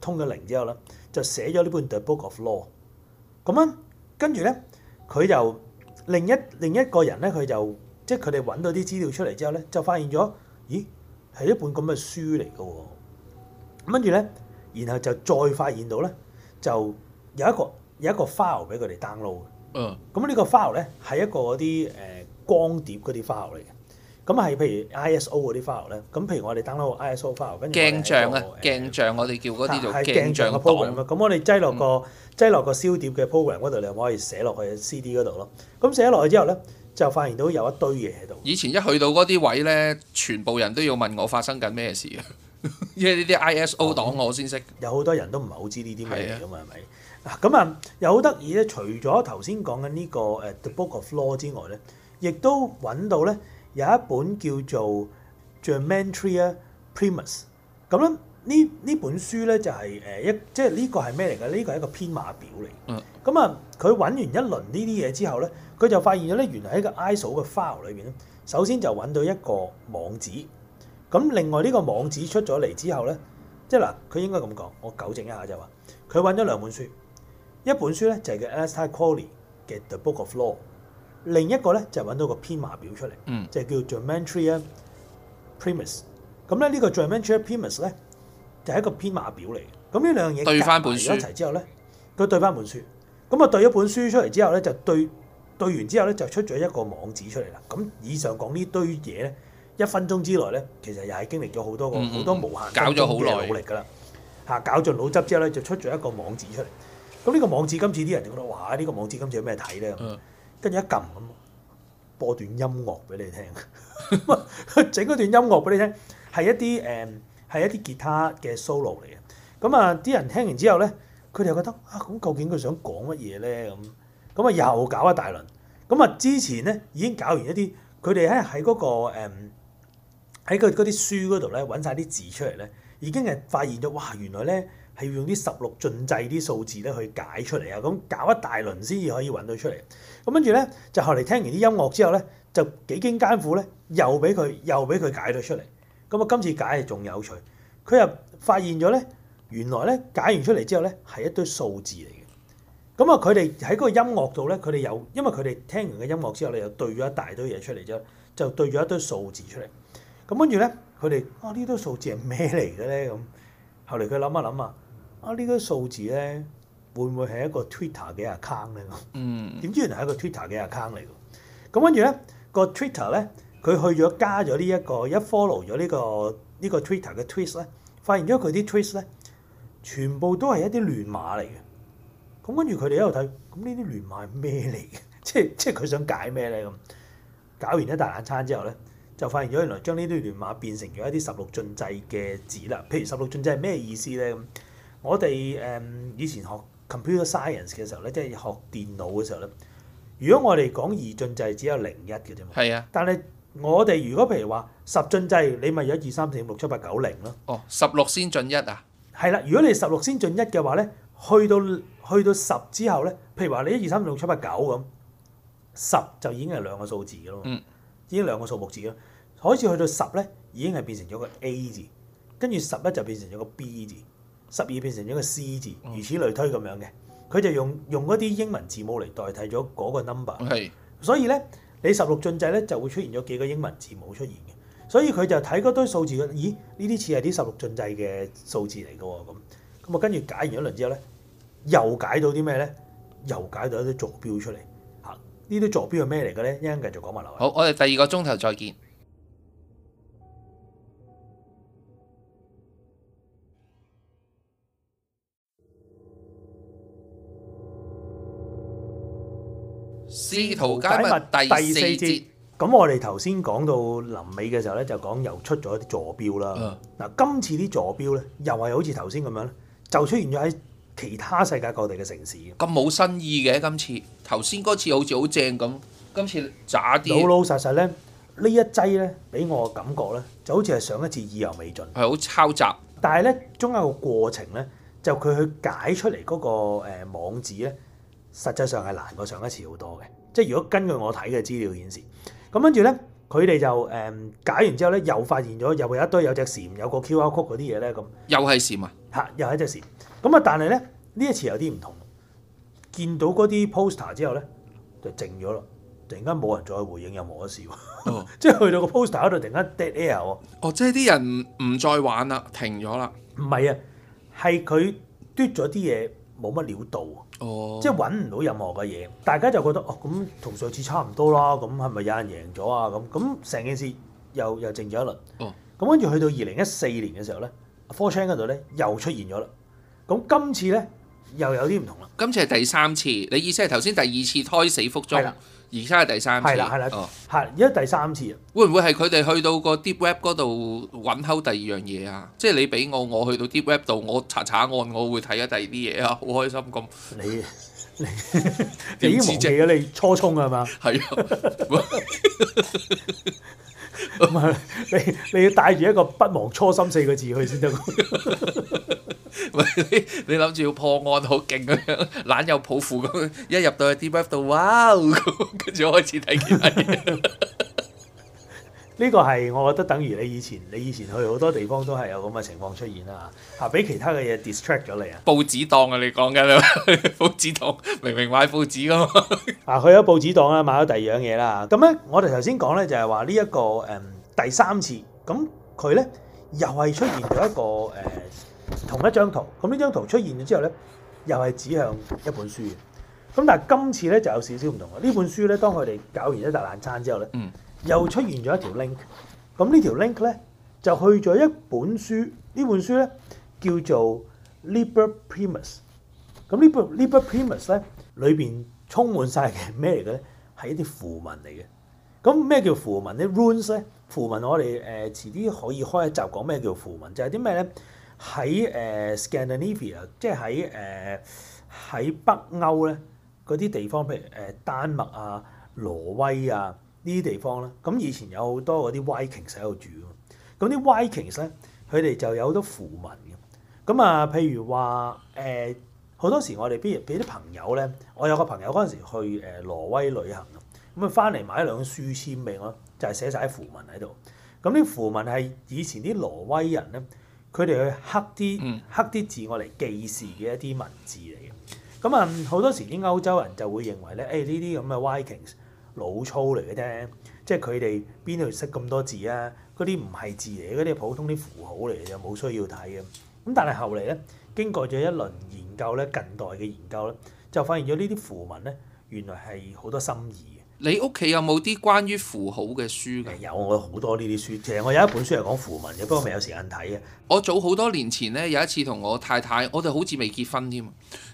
通咗靈之後咧，就寫咗呢本 The Book of Law。咁樣跟住咧，佢就另一另一個人咧，佢就即係佢哋揾到啲資料出嚟之後咧，就發現咗咦係一本咁嘅書嚟㗎。跟住咧，然後就再發現到咧，就有一個有一個 file 俾佢哋 download。嗯。咁呢個 file 咧係一個嗰啲誒光碟嗰啲 file 嚟嘅。咁係譬如 ISO 嗰啲 file 咧。咁譬如我哋 download 個 ISO file，跟住鏡像啊，鏡、呃、像我哋叫嗰啲做鏡像鏡像嘅 program 咁、嗯、我哋擠落個擠落個燒碟嘅 program 嗰度，你可可以寫落去 CD 嗰度咯。咁寫咗落去之後咧，就發現到有一堆嘢喺度。以前一去到嗰啲位咧，全部人都要問我發生緊咩事啊！ 因為呢啲 ISO 檔我先識、嗯，有好多人都唔係好知呢啲嘢嚟㗎係咪？嗱咁啊，又好得意咧。除咗頭先講緊呢個誒、uh, The Book of Law 之外咧，亦都揾到咧有一本叫做 Germania Primus。咁咧呢呢本書咧就係、是、誒、uh, 一即係呢個係咩嚟嘅？呢個係一個編碼表嚟。嗯。咁啊，佢揾完一輪呢啲嘢之後咧，佢就發現咗咧原來喺個 ISO 嘅 file 裏邊咧，首先就揾到一個網址。咁另外呢個網址出咗嚟之後咧，即係嗱，佢應該咁講，我糾正一下就話，佢揾咗兩本書，一本書咧就係叫 Aleister Crowley 嘅 The Book of Law，另一個咧就揾到個編碼表出嚟，嗯，就叫 Gematria Primus 咁咧呢個 Gematria Primus 咧就係一個編碼表嚟嘅。咁呢兩樣嘢對翻本書一齊之後咧，佢對翻本書，咁啊對,本對一本書出嚟之後咧就對對完之後咧就出咗一個網址出嚟啦。咁以上講呢堆嘢咧。一分鐘之內咧，其實又係經歷咗好多個好、嗯、多無限搞咗好耐努力㗎啦。嚇，搞盡腦汁之後咧，就出咗一個網址出嚟。咁呢個網址，今次啲人就覺得哇！呢、呢個網址今次有咩睇咧？跟住、嗯、一撳咁播段音樂俾你聽，整一段音樂俾你聽，係 一啲誒係一啲、嗯、吉他嘅 solo 嚟嘅。咁啊，啲人聽完之後咧，佢哋又覺得啊，咁究竟佢想講乜嘢咧？咁咁啊，又搞一大輪。咁啊，之前咧已經搞完一啲，佢哋喺喺嗰個喺佢嗰啲書嗰度咧，揾晒啲字出嚟咧，已經係發現咗哇！原來咧係要用啲十六進制啲數字咧去解出嚟啊！咁搞一大輪先至可以揾到出嚟。咁跟住咧就後嚟聽完啲音樂之後咧，就幾經艱苦咧，又俾佢又俾佢解咗出嚟。咁啊，今次解係仲有趣，佢又發現咗咧，原來咧解完出嚟之後咧係一堆數字嚟嘅。咁啊，佢哋喺嗰個音樂度咧，佢哋有因為佢哋聽完嘅音樂之後，你又，又對咗一大堆嘢出嚟之後，就對咗一堆數字出嚟。咁跟住咧，佢哋啊呢堆數字係咩嚟嘅咧？咁後嚟佢諗一諗啊，啊呢堆數字咧會唔會係一個 Twitter 嘅 account 咧？嗯。點知原來係一個 Twitter 嘅 account 嚟㗎。咁跟住咧個 Twitter 咧，佢去咗加咗呢一個，一 follow 咗、這個這個、呢個呢個 Twitter 嘅 tweet 咧，發現咗佢啲 tweet 咧全部都係一啲亂碼嚟嘅。咁跟住佢哋喺度睇，咁呢啲亂碼係咩嚟嘅？即係即係佢想解咩咧？咁搞完一大晚餐之後咧。就發現咗原來將呢堆亂碼變成咗一啲十六進制嘅字啦。譬如十六進制係咩意思咧？咁我哋誒、嗯、以前學 computer science 嘅時候咧，即係學電腦嘅時候咧。如果我哋講二進制，只有零一嘅啫嘛。係啊。但係我哋如果譬如話十進制，你咪有一二三四五六七八九零咯。哦，十六先進一啊。係啦，如果你十六先進一嘅話咧，去到去到十之後咧，譬如話你一二三四五六七八九咁，十就已經係兩個數字㗎咯。嗯呢兩個數目字咯，開始去到十咧，已經係變成咗個 A 字，跟住十一就變成咗個 B 字，十二變成咗個 C 字，如此類推咁樣嘅。佢就用用嗰啲英文字母嚟代替咗嗰個 number。係。所以咧，你十六進制咧就會出現咗幾個英文字母出現嘅。所以佢就睇嗰堆數字，咦？呢啲似係啲十六進制嘅數字嚟㗎喎咁。咁啊，跟住解完一輪之後咧，又解到啲咩咧？又解到一啲座標出嚟。呢啲座標係咩嚟嘅咧？一陣繼續講埋落去。好，我哋第二個鐘頭再見。試圖解密第第四節。咁我哋頭先講到臨尾嘅時候咧，就講又出咗啲座標啦。嗱，今次啲座標咧，又係好似頭先咁樣咧，就出現咗喺其他世界各地嘅城市，咁冇新意嘅今次，頭先嗰次好似好正咁，今次差啲。老老實實咧，呢一劑咧，俾我嘅感覺咧，就好似係上一次意猶未盡，係好抄襲。但係咧，中間個過程咧，就佢去解出嚟嗰個誒網址咧，實際上係難過上一次好多嘅。即係如果根據我睇嘅資料顯示，咁跟住咧，佢哋就誒、嗯、解完之後咧，又發現咗又有一堆有隻蟬，有個 QR code 嗰啲嘢咧，咁，又係蟬啊！嚇，又係一隻蟬。咁啊！但係咧呢一次有啲唔同，見到嗰啲 poster 之後咧，就靜咗咯。突然間冇人再回應任何一事喎，oh. 即係去到個 poster 嗰度，突然間 dead air 哦，oh, 即係啲人唔再玩啦，停咗啦。唔係啊，係佢嘟咗啲嘢冇乜料到，oh. 即係揾唔到任何嘅嘢。大家就覺得哦，咁同上次差唔多啦。咁係咪有人贏咗啊？咁咁成件事又又靜咗一輪。哦。咁跟住去到二零一四年嘅時候咧，4chan 嗰度咧又出現咗啦。咁今次呢，又有啲唔同啦。今次係第三次，你意思係頭先第二次胎死腹中，而家係第三次，係啦，係啦，哦，係而家第三次啊。會唔會係佢哋去到個 deep web 嗰度揾到第二樣嘢啊？即係你俾我，我去到 deep web 度，我查查案，我會睇下第二啲嘢啊，好開心咁。 你 你你唔記得咗！你初衷係嘛？係啊。 唔係 你你要帶住一個不忘初心四個字去先得。唔係你你諗住要破案好勁咁樣，懶又抱負咁，一入到去 deep web 度，哇！跟 住開始睇其他呢個係我覺得等於你以前，你以前去好多地方都係有咁嘅情況出現啦嚇，嚇、啊、俾其他嘅嘢 distract 咗你啊！報紙檔啊，你講緊報紙檔，明明買報紙噶嘛。 啊，去咗報紙檔咧買咗第二樣嘢啦嚇。咁、嗯、咧，我哋頭先講咧就係話呢一個誒、嗯、第三次，咁佢咧又係出現咗一個誒、嗯、同一張圖。咁呢張圖出現咗之後咧，又係指向一本書嘅。咁、嗯、但係今次咧就有少少唔同啊！呢本書咧，當佢哋搞完一大爛餐之後咧，嗯。又出現咗一條 link，咁呢條 link 咧就去咗一本書。呢本書咧叫做《Liber Primus》。咁《Liber Liber Primus》咧裏邊充滿晒嘅咩嚟嘅咧？係一啲符文嚟嘅。咁咩叫符文咧？Runes 咧，符文我，我哋誒遲啲可以開一集講咩叫符文，就係啲咩咧？喺誒 Scandinavia，即係喺誒喺北歐咧嗰啲地方，譬如誒丹麥啊、挪威啊。呢啲地方咧，咁以前有好多嗰啲維京喺度住喎。咁啲維京咧，佢哋就有好多符文嘅。咁啊，譬如話誒，好、呃、多時我哋譬如俾啲朋友咧，我有個朋友嗰陣時去誒、呃、挪威旅行，咁啊翻嚟買兩書簽俾我，就係、是、寫晒符文喺度。咁啲符文係以前啲挪威人咧，佢哋去刻啲、嗯、刻啲字，我嚟記事嘅一啲文字嚟嘅。咁啊，好多時啲歐洲人就會認為咧，誒呢啲咁嘅維京，這老粗嚟嘅啫，即係佢哋邊度識咁多字啊？嗰啲唔係字嚟，嗰啲係普通啲符號嚟嘅，冇需要睇嘅。咁但係後嚟咧，經過咗一輪研究咧，近代嘅研究咧，就發現咗呢啲符文咧，原來係好多心意。你屋企有冇啲關於符號嘅書嘅？有，我好多呢啲書。其實我有一本書係講符文嘅，不過未有時間睇嘅。我早好多年前呢，有一次同我太太，我哋好似未結婚添，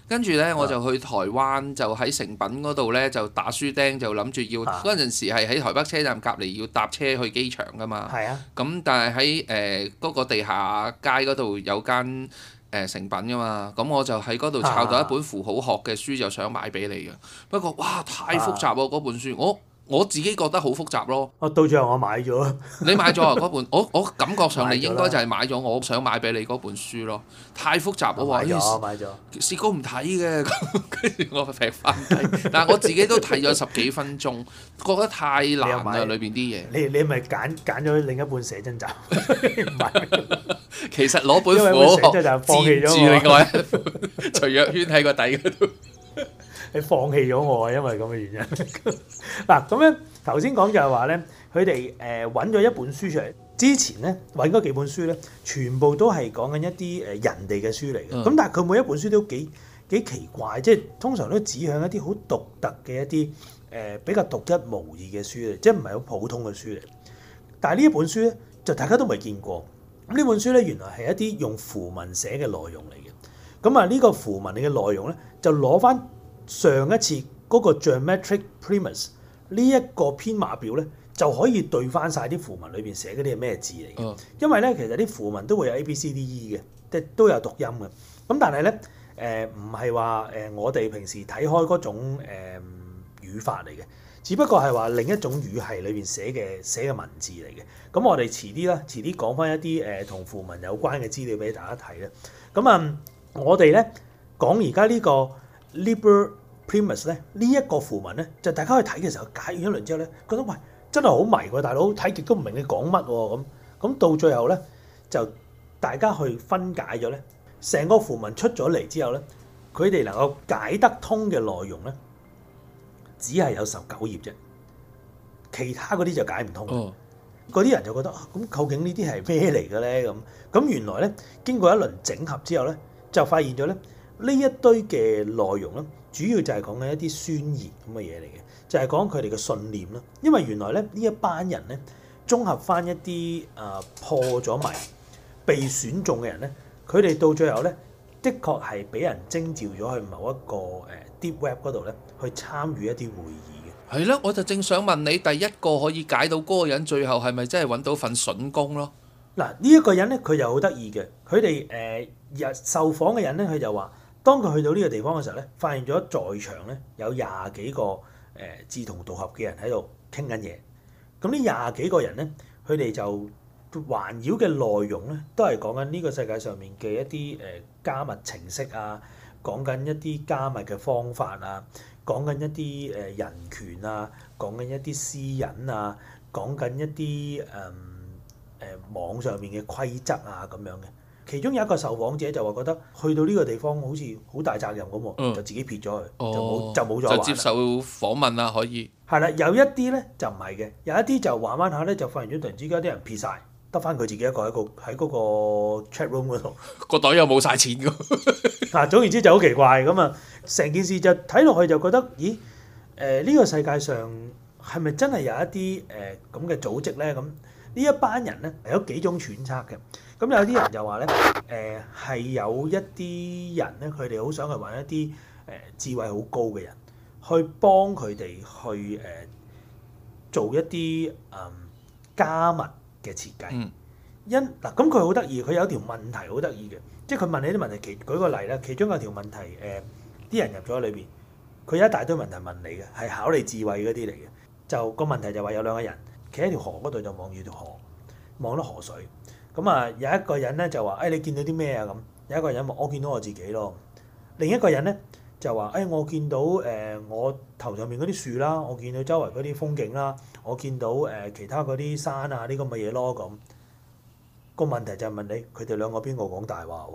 跟住呢，我就去台灣就喺成品嗰度呢，就打書釘，就諗住要嗰陣、啊、時係喺台北車站隔離要搭車去機場㗎嘛。係啊，咁但係喺誒嗰個地下街嗰度有間。誒、呃、成品㗎嘛，咁我就喺嗰度抄到一本符號學嘅書，就想買俾你嘅。啊、不過，哇，太複雜喎嗰、啊、本書，我、哦、～我自己覺得好複雜咯。我到最後我買咗。你買咗嗰本，我我感覺上你應該就係買咗我想買俾你嗰本書咯。太複雜，我話咗，試過唔睇嘅，跟住我劈翻。但係我自己都睇咗十幾分鐘，覺得太難。裏邊啲嘢。你你係咪揀揀咗另一本寫真集？唔係，其實攞本書即放棄咗另外一徐若瑄喺個底度。你放棄咗我啊！因為咁嘅原因嗱，咁樣頭先講就係話咧，佢哋誒揾咗一本書出嚟之前咧，揾嗰幾本書咧，全部都係講緊一啲誒人哋嘅書嚟嘅。咁、嗯、但係佢每一本書都幾幾奇怪，即係通常都指向一啲好獨特嘅一啲誒比較獨一無二嘅書嚟，即係唔係好普通嘅書嚟。但係呢一本書咧，就大家都未見過。咁呢本書咧，原來係一啲用符文寫嘅內容嚟嘅。咁啊，呢個符文嘅內容咧，就攞翻。上一次嗰個 Gematria Primus 呢一個編碼表咧，就可以對翻晒啲符文裏邊寫嗰啲係咩字嚟嘅？因為咧其實啲符文都會有 A B C D E 嘅，即都有讀音嘅。咁但係咧誒唔係話誒我哋平時睇開嗰種誒、呃、語法嚟嘅，只不過係話另一種語系裏邊寫嘅寫嘅文字嚟嘅。咁我哋遲啲啦，遲啲講翻一啲誒同符文有關嘅資料俾大家睇啦。咁啊，我哋咧講而家呢個 Liber Primus 咧，呢一、這個符文咧，就大家去睇嘅時候解完一輪之後咧，覺得喂真係好迷喎，啊，大佬睇極都唔明你講乜喎咁。咁到最後咧，就大家去分解咗咧，成個符文出咗嚟之後咧，佢哋能夠解得通嘅內容咧，只係有十九頁啫，其他嗰啲就解唔通。嗰啲人就覺得啊，咁、嗯、究竟呢啲係咩嚟嘅咧？咁咁原來咧，經過一輪整合之後咧，就發現咗咧。呢一堆嘅內容咧，主要就係講緊一啲宣言咁嘅嘢嚟嘅，就係講佢哋嘅信念啦。因為原來咧，呢一班人咧，綜合翻一啲誒破咗謎、被選中嘅人咧，佢哋到最後咧，的確係俾人徵召咗去某一個誒 deep web 嗰度咧，去參與一啲會議嘅。係咯，我就正想問你，第一個可以解到嗰個人，最後係咪真係揾到份筍工咯？嗱，呢一個人咧，佢又好得意嘅。佢哋誒受訪嘅人咧，佢就話。當佢去到呢個地方嘅時候咧，發現咗在場咧有廿幾個誒、呃、志同道合嘅人喺度傾緊嘢。咁呢廿幾個人咧，佢哋就環繞嘅內容咧，都係講緊呢個世界上面嘅一啲誒加密程式啊，講緊一啲加密嘅方法啊，講緊一啲誒人權啊，講緊一啲私隱啊，講緊一啲誒誒網上面嘅規則啊咁樣嘅。其中有一個受訪者就話覺得去到呢個地方好似好大責任咁、啊、喎，嗯、就自己撇咗佢、哦，就冇就冇再接受訪問啦，可以。係啦，有一啲咧就唔係嘅，有一啲就玩玩下咧，就發現咗突然之間啲人撇晒，得翻佢自己一個喺個喺嗰個,個 chat room 嗰度。個袋又冇晒錢㗎。嗱， 總言之就好奇怪咁啊！成件事就睇落去就覺得，咦？誒、呃、呢、呢個世界上係咪真係有一啲誒咁嘅組織咧？咁呢一班人咧有幾種揣測嘅。咁有啲人就話咧，誒、呃、係有一啲人咧，佢哋好想去揾一啲誒、呃、智慧好高嘅人，去幫佢哋去誒、呃、做一啲誒、呃、加密嘅設計。因嗱，咁佢好得意，佢有條問題好得意嘅，即係佢問你啲問題。其舉個例啦，其中有條問題誒，啲人入咗喺裏邊，佢有一大堆問題問你嘅，係考你智慧嗰啲嚟嘅。就、個問題就話有兩個人企喺條河嗰度，就望住條河，望到河，河水。咁啊，有一個人咧就話，誒，你見到啲咩啊？咁有一個人話，我見到我自己咯。另一個人咧就話，誒，我見到誒我頭上面嗰啲樹啦，我見到周圍嗰啲風景啦，我見到誒其他嗰啲山啊，啲咁嘅嘢咯。咁個問題就係問你，佢哋兩個邊個講大話？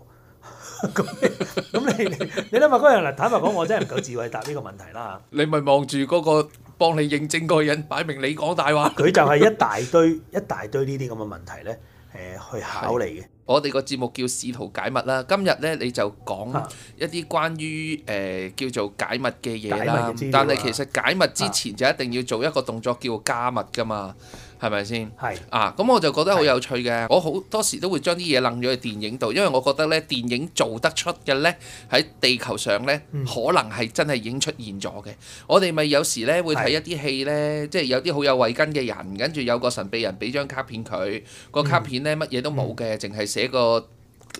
咁咁你你諗下嗰樣。坦白講，我真係唔夠智慧答呢個問題啦。你咪望住嗰個幫你認證個人，擺明你講大話。佢就係一大堆一大堆呢啲咁嘅問題咧。去解嚟嘅，我哋個節目叫試圖解密啦。今日呢，你就講一啲關於誒、啊呃、叫做解密嘅嘢啦。啊、但係其實解密之前就一定要做一個動作叫加密㗎嘛。係咪先？係是啊，咁我就覺得好有趣嘅。是我好多時都會將啲嘢楞咗去電影度，因為我覺得咧，電影做得出嘅咧，喺地球上咧，可能係真係已經出現咗嘅。嗯、我哋咪有時咧會睇一啲戲咧，即係有啲好有慧根嘅人，跟住有個神秘人俾張卡片佢，個卡片咧乜嘢都冇嘅，淨係、嗯、寫個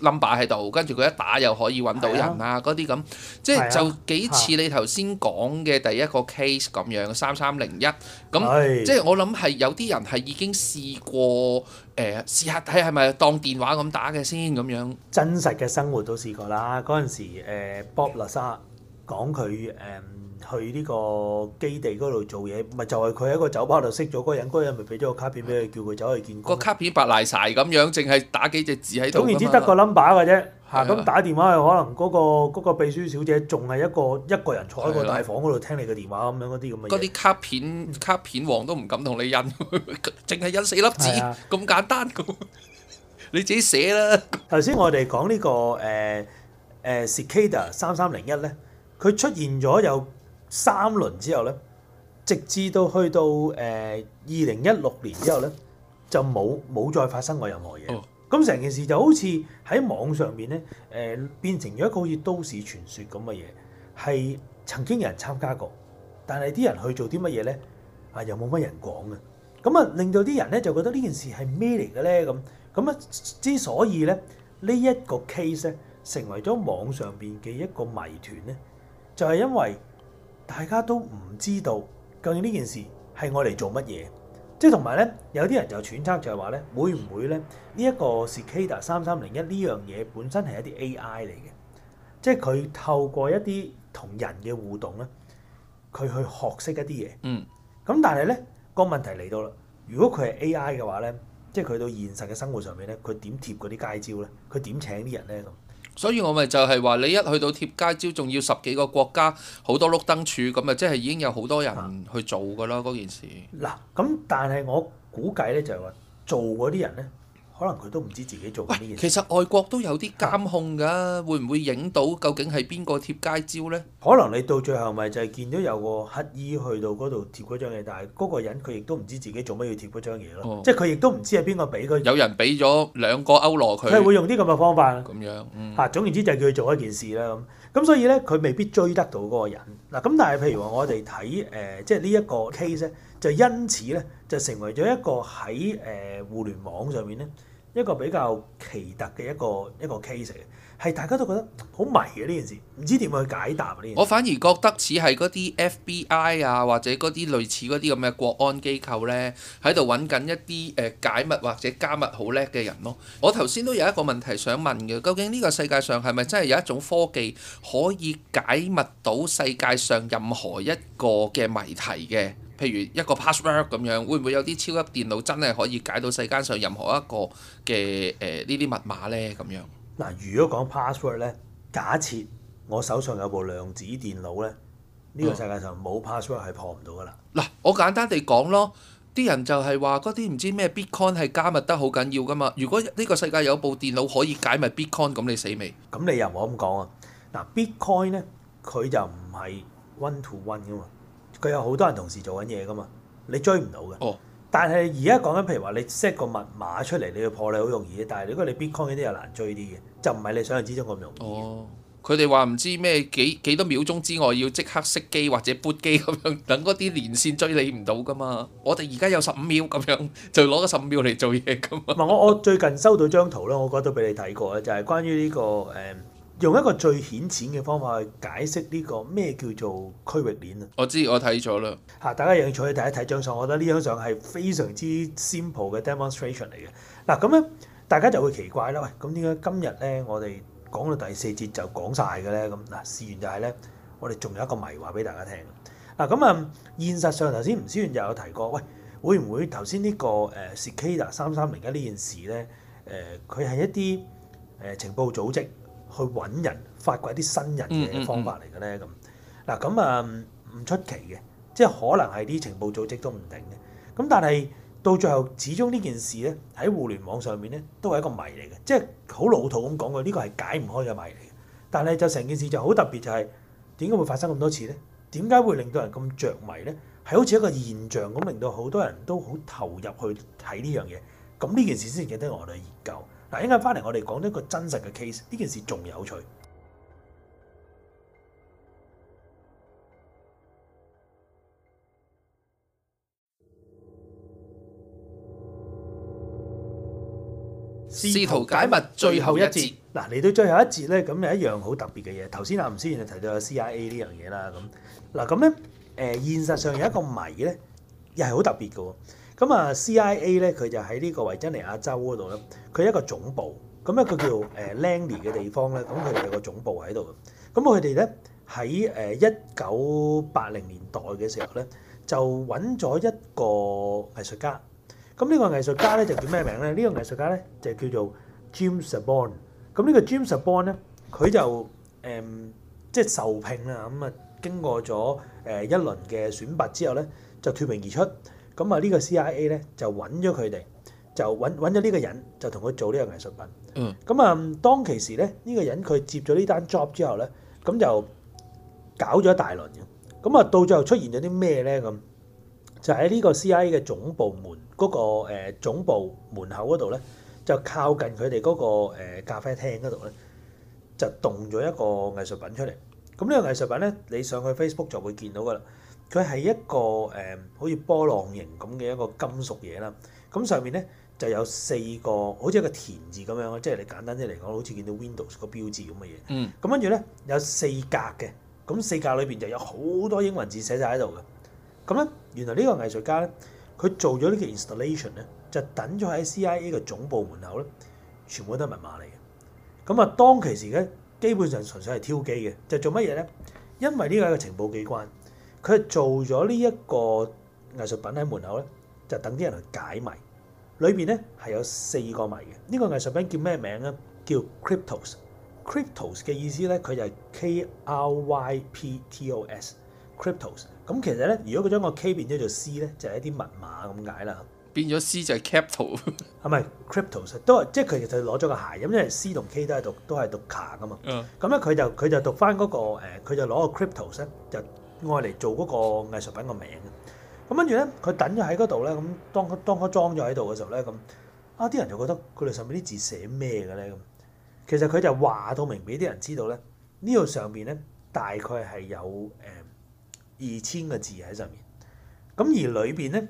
number 喺度，跟住佢一打又可以揾到人啊，嗰啲咁，即係、啊、就幾似你頭先講嘅第一個 case 咁樣，三三零一，咁是即係我諗係有啲人係已經試過誒試、呃、下睇係咪當電話咁打嘅先咁樣。真實嘅生活都試過啦，嗰陣時、呃、Bob Larsa 講佢誒。呃去呢個基地嗰度做嘢，唔係就係佢喺個酒吧度識咗嗰個人，嗰人咪俾咗個卡片俾佢，叫佢走去見個卡片白賴曬咁樣，淨係打幾隻字喺度。總然之，得個 number 嘅啫。嚇，咁打電話係可能嗰個嗰個秘書小姐仲係一個一個人坐喺個大房嗰度聽你嘅電話咁樣嗰啲咁嘅。嗰啲卡片卡片王都唔敢同你印，淨係印四粒字咁簡單咁。你自己寫啦。頭先我哋講呢個誒誒 Cicada 三三零一咧，佢出現咗有。三輪之後咧，直至到去到誒二零一六年之後咧，就冇冇再發生過任何嘢。咁成件事就好似喺網上面咧，誒、呃、變成咗一個好似都市傳說咁嘅嘢，係曾經有人參加過，但係啲人去做啲乜嘢咧，啊又冇乜人講嘅。咁啊令到啲人咧就覺得呢件事係咩嚟嘅咧？咁咁啊之所以咧呢一個 case 咧成為咗網上邊嘅一個謎團咧，就係因為，大家都唔知道，究竟呢件事係用嚟做乜嘢？即係同埋咧，有啲人就揣測就係話咧，會唔會咧呢一個 Cicada 三三零一呢樣嘢本身係一啲 AI 嚟嘅？即係佢透過一啲同人嘅互動咧，佢去學識一啲嘢。嗯，咁但係咧個問題嚟到啦，如果佢係 AI 嘅話咧，即係佢到現實嘅生活上面咧，佢點貼嗰啲街招咧？佢點請啲人咧咁？所以我咪就係話，你一去到貼街招，仲要十幾個國家，好多碌燈柱，咁啊，即係已經有好多人去做㗎啦，嗰、啊、件事。嗱，咁但係我估計咧，就係話做嗰啲人咧。可能佢都唔知自己做緊啲嘢。其實外國都有啲監控㗎，會唔會影到究竟係邊個貼街招咧？可能你到最後咪就係見到有個乞衣去到嗰度貼嗰張嘢，但係嗰個人佢亦都唔知自己做咩要貼嗰張嘢咯。即係佢亦都唔知係邊個俾佢。有人俾咗兩個歐羅佢，佢係會用啲咁嘅方法。咁樣，嚇總言之就係叫佢做一件事啦。咁咁所以咧，佢未必追得到嗰個人嗱。咁但係譬如話我哋睇誒，即係呢一個 case 咧，就因此咧就成為咗一個喺誒互聯網上面咧。一個比較奇特嘅一個一個 case 嘅，係大家都覺得好迷嘅呢件事，唔知點去解答呢？我反而覺得似係嗰啲 FBI 啊，或者嗰啲類似嗰啲咁嘅國安機構呢，喺度揾緊一啲誒解密或者加密好叻嘅人咯。我頭先都有一個問題想問嘅，究竟呢個世界上係咪真係有一種科技可以解密到世界上任何一個嘅謎題嘅？譬如一個 password 咁樣，會唔會有啲超級電腦真係可以解到世間上任何一個嘅誒呢啲密碼呢？咁樣嗱，如果講 password 呢，假設我手上有部量子電腦呢，呢、呢個世界上冇 password 係破唔到噶啦。嗱、嗯，我簡單地講咯，啲人就係話嗰啲唔知咩 bitcoin 係加密得好緊要噶嘛。如果呢個世界有部電腦可以解密 bitcoin，咁你死未？咁、嗯、你又唔好咁講啊。嗱，bitcoin 呢，佢就唔係 one to one 噶嘛。佢有好多人同時做緊嘢噶嘛，你追唔到嘅。哦，但係而家講緊譬如話你 set 個密碼出嚟，你要破你好容易啫。但係如果你 Bitcoin 啲又難追啲嘅，就唔係你想像之中咁容易。佢哋話唔知咩幾幾多秒鐘之外要即刻熄機或者 boot 機咁樣，等嗰啲連線追你唔到噶嘛。我哋而家有十五秒咁樣，就攞咗十五秒嚟做嘢噶嘛。我我最近收到張圖啦，我覺得俾你睇過咧，就係關於呢個誒。嗯用一個最顯淺嘅方法去解釋呢個咩叫做區域鏈啊！我知我睇咗啦嚇，大家有興趣去睇一睇張相，我覺得呢張相係非常之 simple 嘅 demonstration 嚟嘅嗱。咁咧，大家就會奇怪啦。喂，咁點解今日咧我哋講到第四節就講晒嘅咧？咁嗱，事源就係、是、咧，我哋仲有一個謎話俾大家聽嗱。咁啊，現實上頭先吳思源又有提過，喂會唔會頭先呢個誒 Cicada 三三零一呢件事咧？誒、呃，佢係一啲誒情報組織。去揾人發掘一啲新人嘅方法嚟嘅咧，咁，嗱，咁啊唔出奇嘅，即係可能係啲情報組織都唔定嘅。咁但係到最後，始終呢件事咧喺互聯網上面咧都係一個謎嚟嘅，即係好老土咁講嘅，呢、呢個係解唔開嘅謎嚟嘅。但係就成件事就好特別，就係點解會發生咁多次咧？點解會令到人咁着迷咧？係好似一個現象咁，令到好多人都好投入去睇呢樣嘢。咁呢件事先值得我哋研究。嗱，一陣翻嚟，我哋講一個真實嘅 case，呢件事仲有趣。試圖解密最後一節。嗱，嚟到最後一節咧，咁有一樣好特別嘅嘢。頭先阿吳思源就提到有 CIA 呢樣嘢啦。咁嗱，咁咧，誒，現實上有一個謎咧，又係好特別嘅。咁啊，C.I.A. 咧，佢就喺呢個維珍尼亞州嗰度咧，佢一個總部。咁咧，佢叫誒 Langley 嘅地方咧，咁佢哋有個總部喺度嘅。咁佢哋咧喺誒一九八零年代嘅時候咧，就揾咗一個藝術家。咁呢個藝術家咧就叫咩名咧？呢個藝術家咧就叫做 James Sanborn。咁呢個 James Sanborn 咧，佢就誒即係受聘啦。咁啊，經過咗誒一輪嘅選拔之後咧，就脫穎而出。咁啊，呢個 CIA 咧就揾咗佢哋，就揾揾咗呢個人，就同佢做呢個藝術品。嗯。咁啊，當其時咧，呢個人佢接咗呢單 job 之後咧，咁就搞咗一大輪嘅。咁啊，到最後出現咗啲咩咧？咁就喺呢個 CIA 嘅總部門嗰個誒總部門口嗰度咧，就靠近佢哋嗰個誒咖啡廳嗰度咧，就動咗一個藝術品出嚟。咁呢個藝術品咧，你上去 Facebook 就會見到㗎啦。佢係一個誒，好似波浪形咁嘅一個金屬嘢啦。咁上面咧就有四個，好似一個田字咁樣，即係你簡單啲嚟講，好似見到 Windows 個標誌咁嘅嘢。嗯，咁跟住咧有四格嘅，咁四格裏邊就有好多英文字寫晒喺度嘅。咁咧原來呢個藝術家咧，佢做咗呢個 installation 咧，就等咗喺 CIA 嘅總部門口咧，全部都係密碼嚟嘅。咁啊，當其時咧基本上純粹係挑機嘅，就係做乜嘢咧？因為呢個係一個情報機關。佢係做咗呢一個藝術品喺門口咧，就等啲人去解謎。裏邊咧係有四個謎嘅。呢個藝術品叫咩名咧？叫 Kryptos。Kryptos 嘅意思咧，佢就係 K R Y P T O S。Kryptos。咁其實咧，如果佢將個 K 變咗做 C 咧，就係一啲密碼咁解啦。變咗 C 就係 Capital。係咪 Kryptos？都係即係其實就攞咗個諧音，因為 C 同 K 都係讀都係讀卡噶嘛。嗯。咁咧佢就佢就讀返嗰個誒，佢就攞個 Kryptos 咧就。愛嚟做嗰個藝術品個名嘅，咁跟住咧，佢等咗喺嗰度咧，咁當佢佢裝咗喺度嘅時候咧，咁啊啲人就覺得佢哋上面啲字寫咩嘅咧？咁其實佢就話到明俾啲人知道咧，呢度上邊咧大概係有誒二千個字喺上面，咁而裏邊咧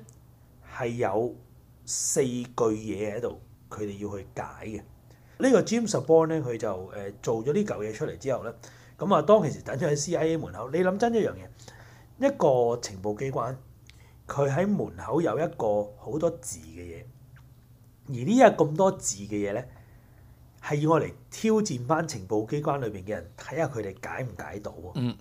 係有四句嘢喺度，佢哋要去解嘅。這個、呢個 James Bond 咧，佢就誒做咗呢嚿嘢出嚟之後咧。咁啊，當其時等咗喺 CIA 門口，你諗真一樣嘢，一個情報機關佢喺門口有一個好多字嘅嘢，而呢一咁多字嘅嘢咧，係要我嚟挑戰返情報機關裏邊嘅人，睇下佢哋解唔解到喎？嗯，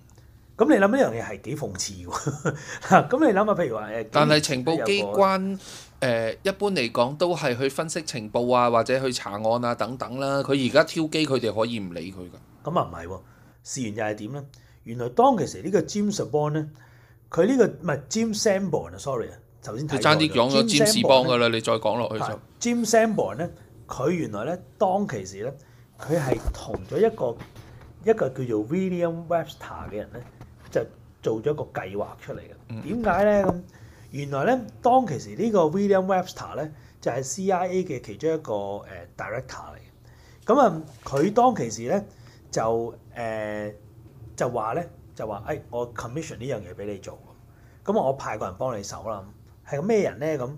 咁你諗呢樣嘢係幾諷刺喎？咁 你諗下，譬如話誒，但係情報機關誒一、呃、一般嚟講都係去分析情報啊，或者去查案啊等等啦。佢而家挑機，佢哋可以唔理佢噶？咁啊唔係喎。事源又係點咧？原來當其時呢個 James Bond 咧，佢呢個唔係 James Sanborn 啊，sorry 啊，頭先睇爭啲講咗 James Bond 噶啦，你再講落去 James Sanborn 咧，佢原來咧當其時咧，佢係同咗一個一個叫做 William Webster 嘅人咧，就做咗一個計劃出嚟嘅。點解咧？咁原來咧當其時個呢個 William Webster 咧，就係、是、CIA 嘅其中一個誒 director 嚟嘅。咁啊，佢當其時咧。就誒就話咧，就話誒我 commission 呢樣嘢俾你做，咁我派個人幫你手啦。係、嗯、個咩人咧？咁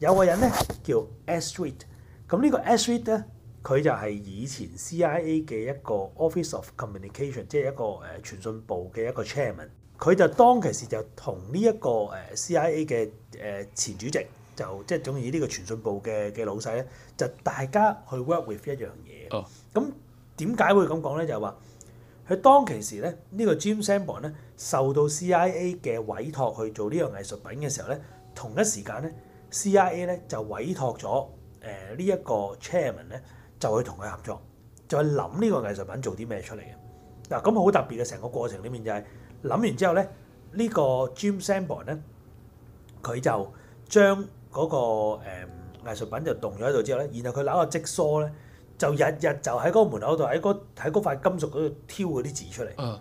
有個人咧叫 Ashwate，咁呢個 Ashwate 咧，佢就係以前 CIA 嘅一個 Office of Communication，即係一個誒傳訊部嘅一個 Chairman。佢就當其時就同呢一個誒 CIA 嘅誒前主席，就即係總言之呢個傳訊部嘅嘅老細，就大家去 work with 一樣嘢。哦，咁。點解會咁講咧？就係話佢當其時咧，這個、Jim 呢個 Jim Sanborn 咧受到 CIA 嘅委託去做呢樣藝術品嘅時候咧，同一時間咧，CIA 咧就委託咗誒呢一個 Chairman 咧，就去同佢合作，就去諗呢個藝術品做啲咩出嚟嘅。嗱、啊，咁好特別嘅成個過程裡面就係、是、諗完之後咧，這個、Jim 呢、那個 Jim Sanborn 咧，佢就將嗰個誒藝術品就動咗喺度之後咧，然後佢攞個積梳咧。就日日就喺嗰個門口度，喺嗰喺嗰塊金屬嗰度挑嗰啲字出嚟，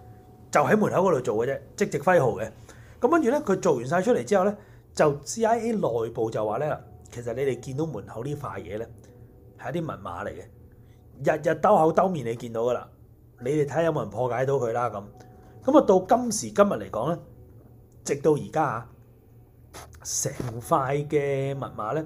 就喺門口嗰度做嘅啫，即直揮毫嘅。咁跟住咧，佢做完晒出嚟之後咧，就 CIA 內部就話咧，其實你哋見到門口呢塊嘢咧，係一啲密碼嚟嘅，日日兜口兜面你見到噶啦，你哋睇下有冇人破解到佢啦咁。咁啊到今時今日嚟講咧，直到而家啊，成塊嘅密碼咧，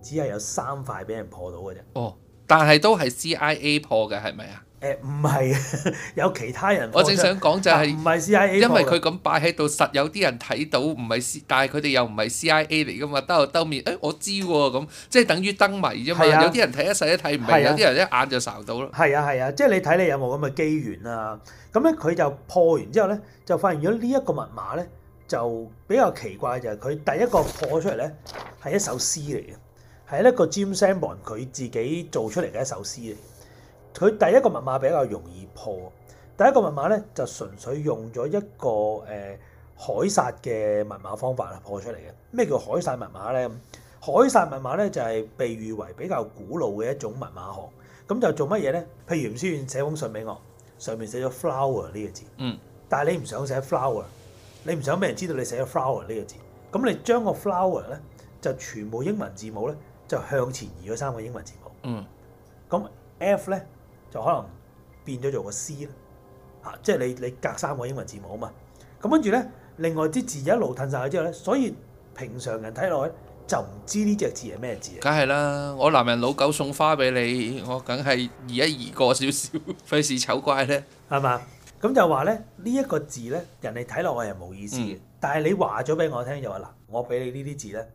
只係有三塊俾人破到嘅啫。Oh. 但係都係 CIA 破嘅係咪啊？誒唔係，有其他人。我正想講就係唔係 CIA，因為佢咁擺喺度，實有啲人睇到，唔係 C，但係佢哋又唔係 CIA 嚟噶嘛，兜後兜面，誒、欸、我知喎咁，即係等於燈謎啫嘛。啊、有啲人睇一睇一睇唔明，啊、有啲人一眼就收到啦。係啊係啊，即係、啊就是、你睇你有冇咁嘅機緣啊？咁咧佢就破完之後咧，就發現咗呢一個密碼咧，就比較奇怪就係佢第一個破出嚟咧係一首詩嚟嘅。係一個 Jim Sanborn 佢自己做出嚟嘅一首詩嚟。佢第一個密碼比較容易破。第一個密碼咧就純粹用咗一個誒凱撒嘅密碼方法嚟破出嚟嘅。咩叫凱撒密碼咧？凱撒密碼咧就係、是、被譽為比較古老嘅一種密碼學。咁就做乜嘢咧？譬如吳思遠寫封信俾我，上面寫咗 flower 呢個字。嗯。但係你唔想寫 flower，你唔想俾人知道你寫咗 flower 呢個字，咁你將個 flower 咧就全部英文字母咧，就向前移咗三個英文字母，嗯，咁 F 咧就可能變咗做個 C 咧，嚇、啊，即係你你隔三個英文字母啊嘛，咁跟住咧，另外啲字一路褪晒去之後咧，所以平常人睇落去就唔知呢隻字係咩字。梗係啦，我男人老狗送花俾你，我梗係移一移過少少，費事醜怪咧，係嘛？咁就話咧呢一、這個字咧，人哋睇落去係冇意思嘅，嗯、但係你話咗俾我聽就話嗱，我俾你呢啲字咧。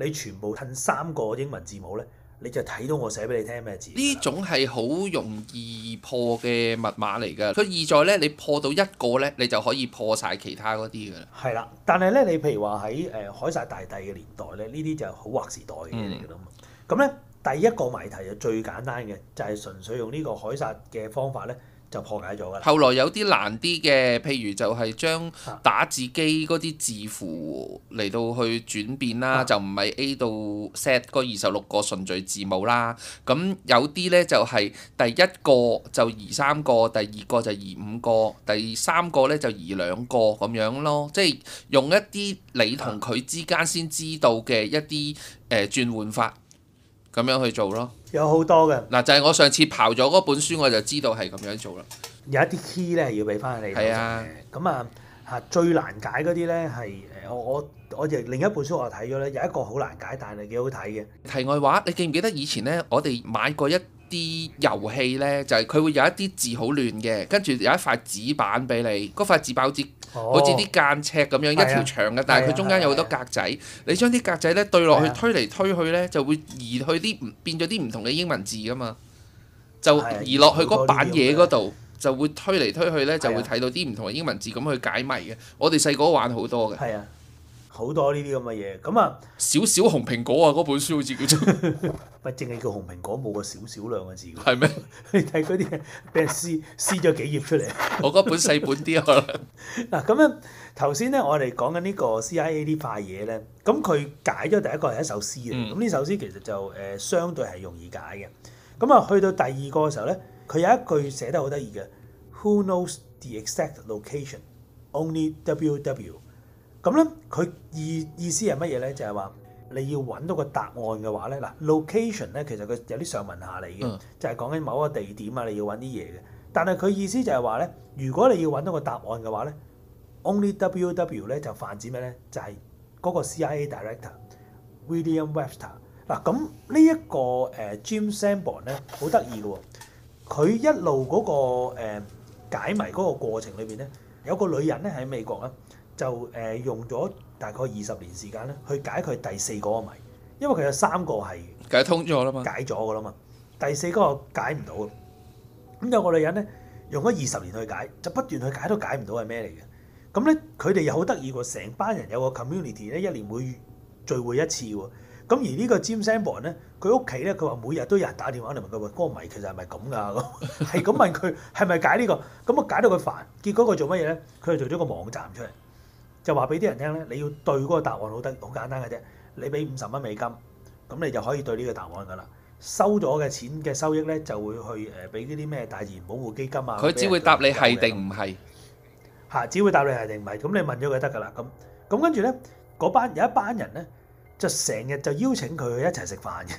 你全部褪三個英文字母咧，你就睇到我寫俾你聽咩字。呢種係好容易破嘅密碼嚟㗎。佢二在咧，你破到一個咧，你就可以破晒其他嗰啲㗎啦。係啦，但係咧，你譬如話喺誒凱撒大帝嘅年代咧，代嗯、呢啲就係好劃時代嘅嘢嚟㗎嘛。咁咧，第一個謎題就最簡單嘅，就係、是、純粹用呢個凱撒嘅方法咧。就破解咗㗎。後來有啲難啲嘅，譬如就係將打字機嗰啲字符嚟到去轉變啦，啊、就唔係 A 到 set 嗰二十六個順序字母啦。咁有啲呢，就係、是、第一個就移三個，第二個就移五個，第三個呢就移兩個咁樣咯。即係用一啲你同佢之間先知道嘅一啲誒、呃、轉換法。咁樣去做咯，有好多嘅嗱、啊，就係、是、我上次刨咗嗰本書，我就知道係咁樣做啦。有一啲 key 咧，要俾翻你。係啊，咁啊吓最難解嗰啲咧係誒，我我我亦另一本書，我睇咗咧，有一個好難解，但係幾好睇嘅題外話。你記唔記得以前咧我哋買過一啲遊戲咧，就係、是、佢會有一啲字好亂嘅，跟住有一塊紙板俾你，嗰塊紙板好似。好似啲間尺咁樣一條長嘅，但係佢中間有好多格仔。啊啊啊、你將啲格仔咧對落去推嚟推去咧，就會移去啲唔變咗啲唔同嘅英文字㗎嘛，就移落去嗰板嘢嗰度，就會推嚟推去咧就會睇到啲唔同嘅英文字咁去解謎嘅。我哋細個玩好多嘅。好多呢啲咁嘅嘢，咁啊，少少紅蘋果啊，嗰本書好似叫做咪，淨係 叫紅蘋果，冇個少少兩個字嘅，係咩嗎？ 你睇嗰啲俾人撕撕咗幾頁出嚟。我嗰本細本啲啊。嗱咁樣頭先咧，我哋講緊呢個 CIA 呢塊嘢咧，咁佢解咗第一個係一首詩啊。咁呢、嗯、首詩其實就誒、呃、相對係容易解嘅。咁啊，去到第二個嘅時候咧，佢有一句寫得好得意嘅，Who knows the exact location? Only W W。咁咧，佢意意思係乜嘢咧？就係、是、話你要揾到個答案嘅話咧，嗱，location 咧其實佢有啲上文下理嘅，嗯、就係講緊某一個地點啊，你要揾啲嘢嘅。但係佢意思就係話咧，如果你要揾到個答案嘅話咧，only WW 咧就泛指咩咧？就係、是、嗰個 CIA director William Webster。嗱、嗯，咁、這個呃、呢一個誒 Jim Sanborn 咧好得意嘅喎，佢一路嗰、那個、呃、解謎嗰個過程裏邊咧，有個女人咧喺美國啊。就誒用咗大概二十年時間咧，去解佢第四個個謎，因為佢有三個係解，解通咗啦嘛，解咗嘅啦嘛，第四個解唔到。咁有個女人咧，用咗二十年去解，就不斷去解，解都解唔到係咩嚟嘅。咁咧佢哋又好得意喎，成班人有個 community 咧，一年每月聚會一次喎。咁而個呢個 Jim Sanborn 咧，佢屋企咧，佢話每日都有人打電話嚟問佢話，嗰、那個謎其實係咪咁㗎？係 咁 問佢係咪解呢、這個？咁啊解到佢煩，結果佢做乜嘢咧？佢就做咗個網站出嚟。就話俾啲人聽咧，你要對嗰個答案好得好簡單嘅啫。你俾五十蚊美金，咁你就可以對呢個答案噶啦。收咗嘅錢嘅收益咧，就會去誒俾啲啲咩大自然保護基金啊。佢只會答你係定唔係，嚇，只會答你係定唔係。咁你問咗佢得噶啦。咁咁跟住咧，嗰班有一班人咧，就成日就邀請佢一齊食飯嘅。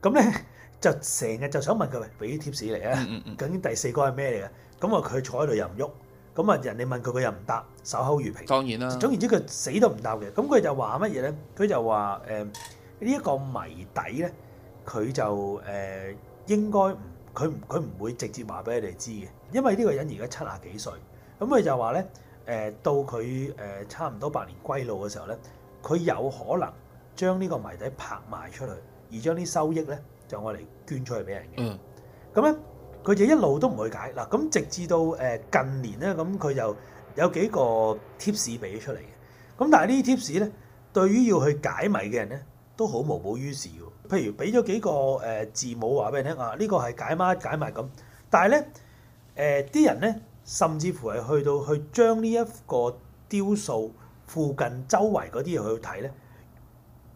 咁咧就成日就想問佢喂，俾啲貼士嚟啊。究竟第四個係咩嚟嘅？咁啊，佢坐喺度又唔喐。咁啊，人哋問佢，佢又唔答，守口如瓶。當然啦。總言之，佢死都唔答嘅。咁佢就話乜嘢咧？佢就話誒呢一個謎底咧，佢就誒、呃、應該唔，佢唔佢唔會直接話俾你哋知嘅。因為呢個人而家七十幾歲，咁佢就話咧誒到佢誒、呃、差唔多百年歸老嘅時候咧，佢有可能將呢個謎底拍賣出去，而將啲收益咧就用嚟捐出去俾人嘅。嗯。咁咧。佢就一路都唔會解嗱，咁直至到誒近年咧，咁佢就有幾個 tips 俾咗出嚟嘅。咁但係呢啲 tips 咧，對於要去解謎嘅人咧，都好無補於事喎。譬如俾咗幾個誒字母話俾你聽啊，呢個係解乜解埋咁。但係咧誒啲人咧，甚至乎係去到去將呢一個雕塑附近周圍嗰啲嘢去睇咧，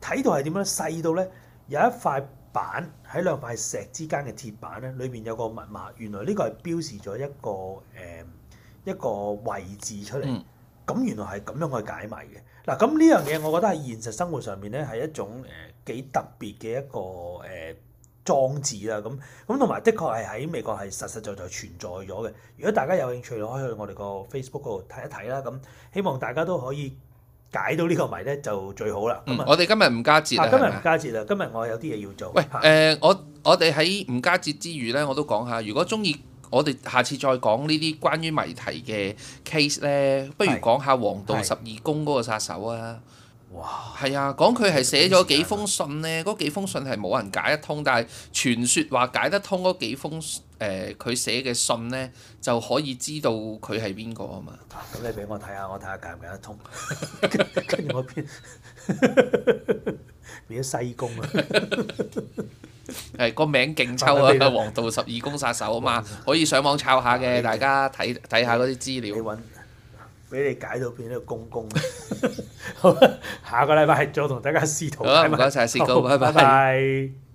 睇到係點樣？細到咧有一塊板喺兩塊石之間嘅鐵板咧，裏邊有個密碼。原來呢個係標示咗一個誒、呃、一個位置出嚟。咁原來係咁樣去解謎嘅。嗱，咁呢樣嘢我覺得喺現實生活上面咧係一種誒、呃、幾特別嘅一個誒、呃、裝置啦。咁咁同埋的確係喺美國係實實在在存在咗嘅。如果大家有興趣，可以去我哋個 Facebook 嗰度睇一睇啦。咁希望大家都可以解到呢個謎呢就最好啦，嗯。我哋今日唔加節啊，今日吳家節唔加節啦，嗎今日我有啲嘢要做。喂，誒、呃、我我哋喺唔加節之餘呢，我都講下。如果中意，我哋下次再講呢啲關於謎題嘅 case 呢，不如講下黃道十二宮嗰個殺手啊。哇！係啊，講佢係寫咗幾封信呢，嗰幾封信係冇人解，解得通，但係傳説話解得通嗰幾封。誒佢、呃、寫嘅信咧，就可以知道佢係邊個啊嘛！咁、啊、你俾我睇下，我睇下解唔解得通？ 跟住我變 變咗西宮啦！係 個、哎、名勁抽啊！黃 道十二宮殺手啊嘛， 可以上網抄下嘅， 大家睇睇下嗰啲資料。你揾俾你解到變咗公公啊！ 好，下個禮拜再同大家試圖。好，唔該曬，薛高謝好拜拜。拜拜。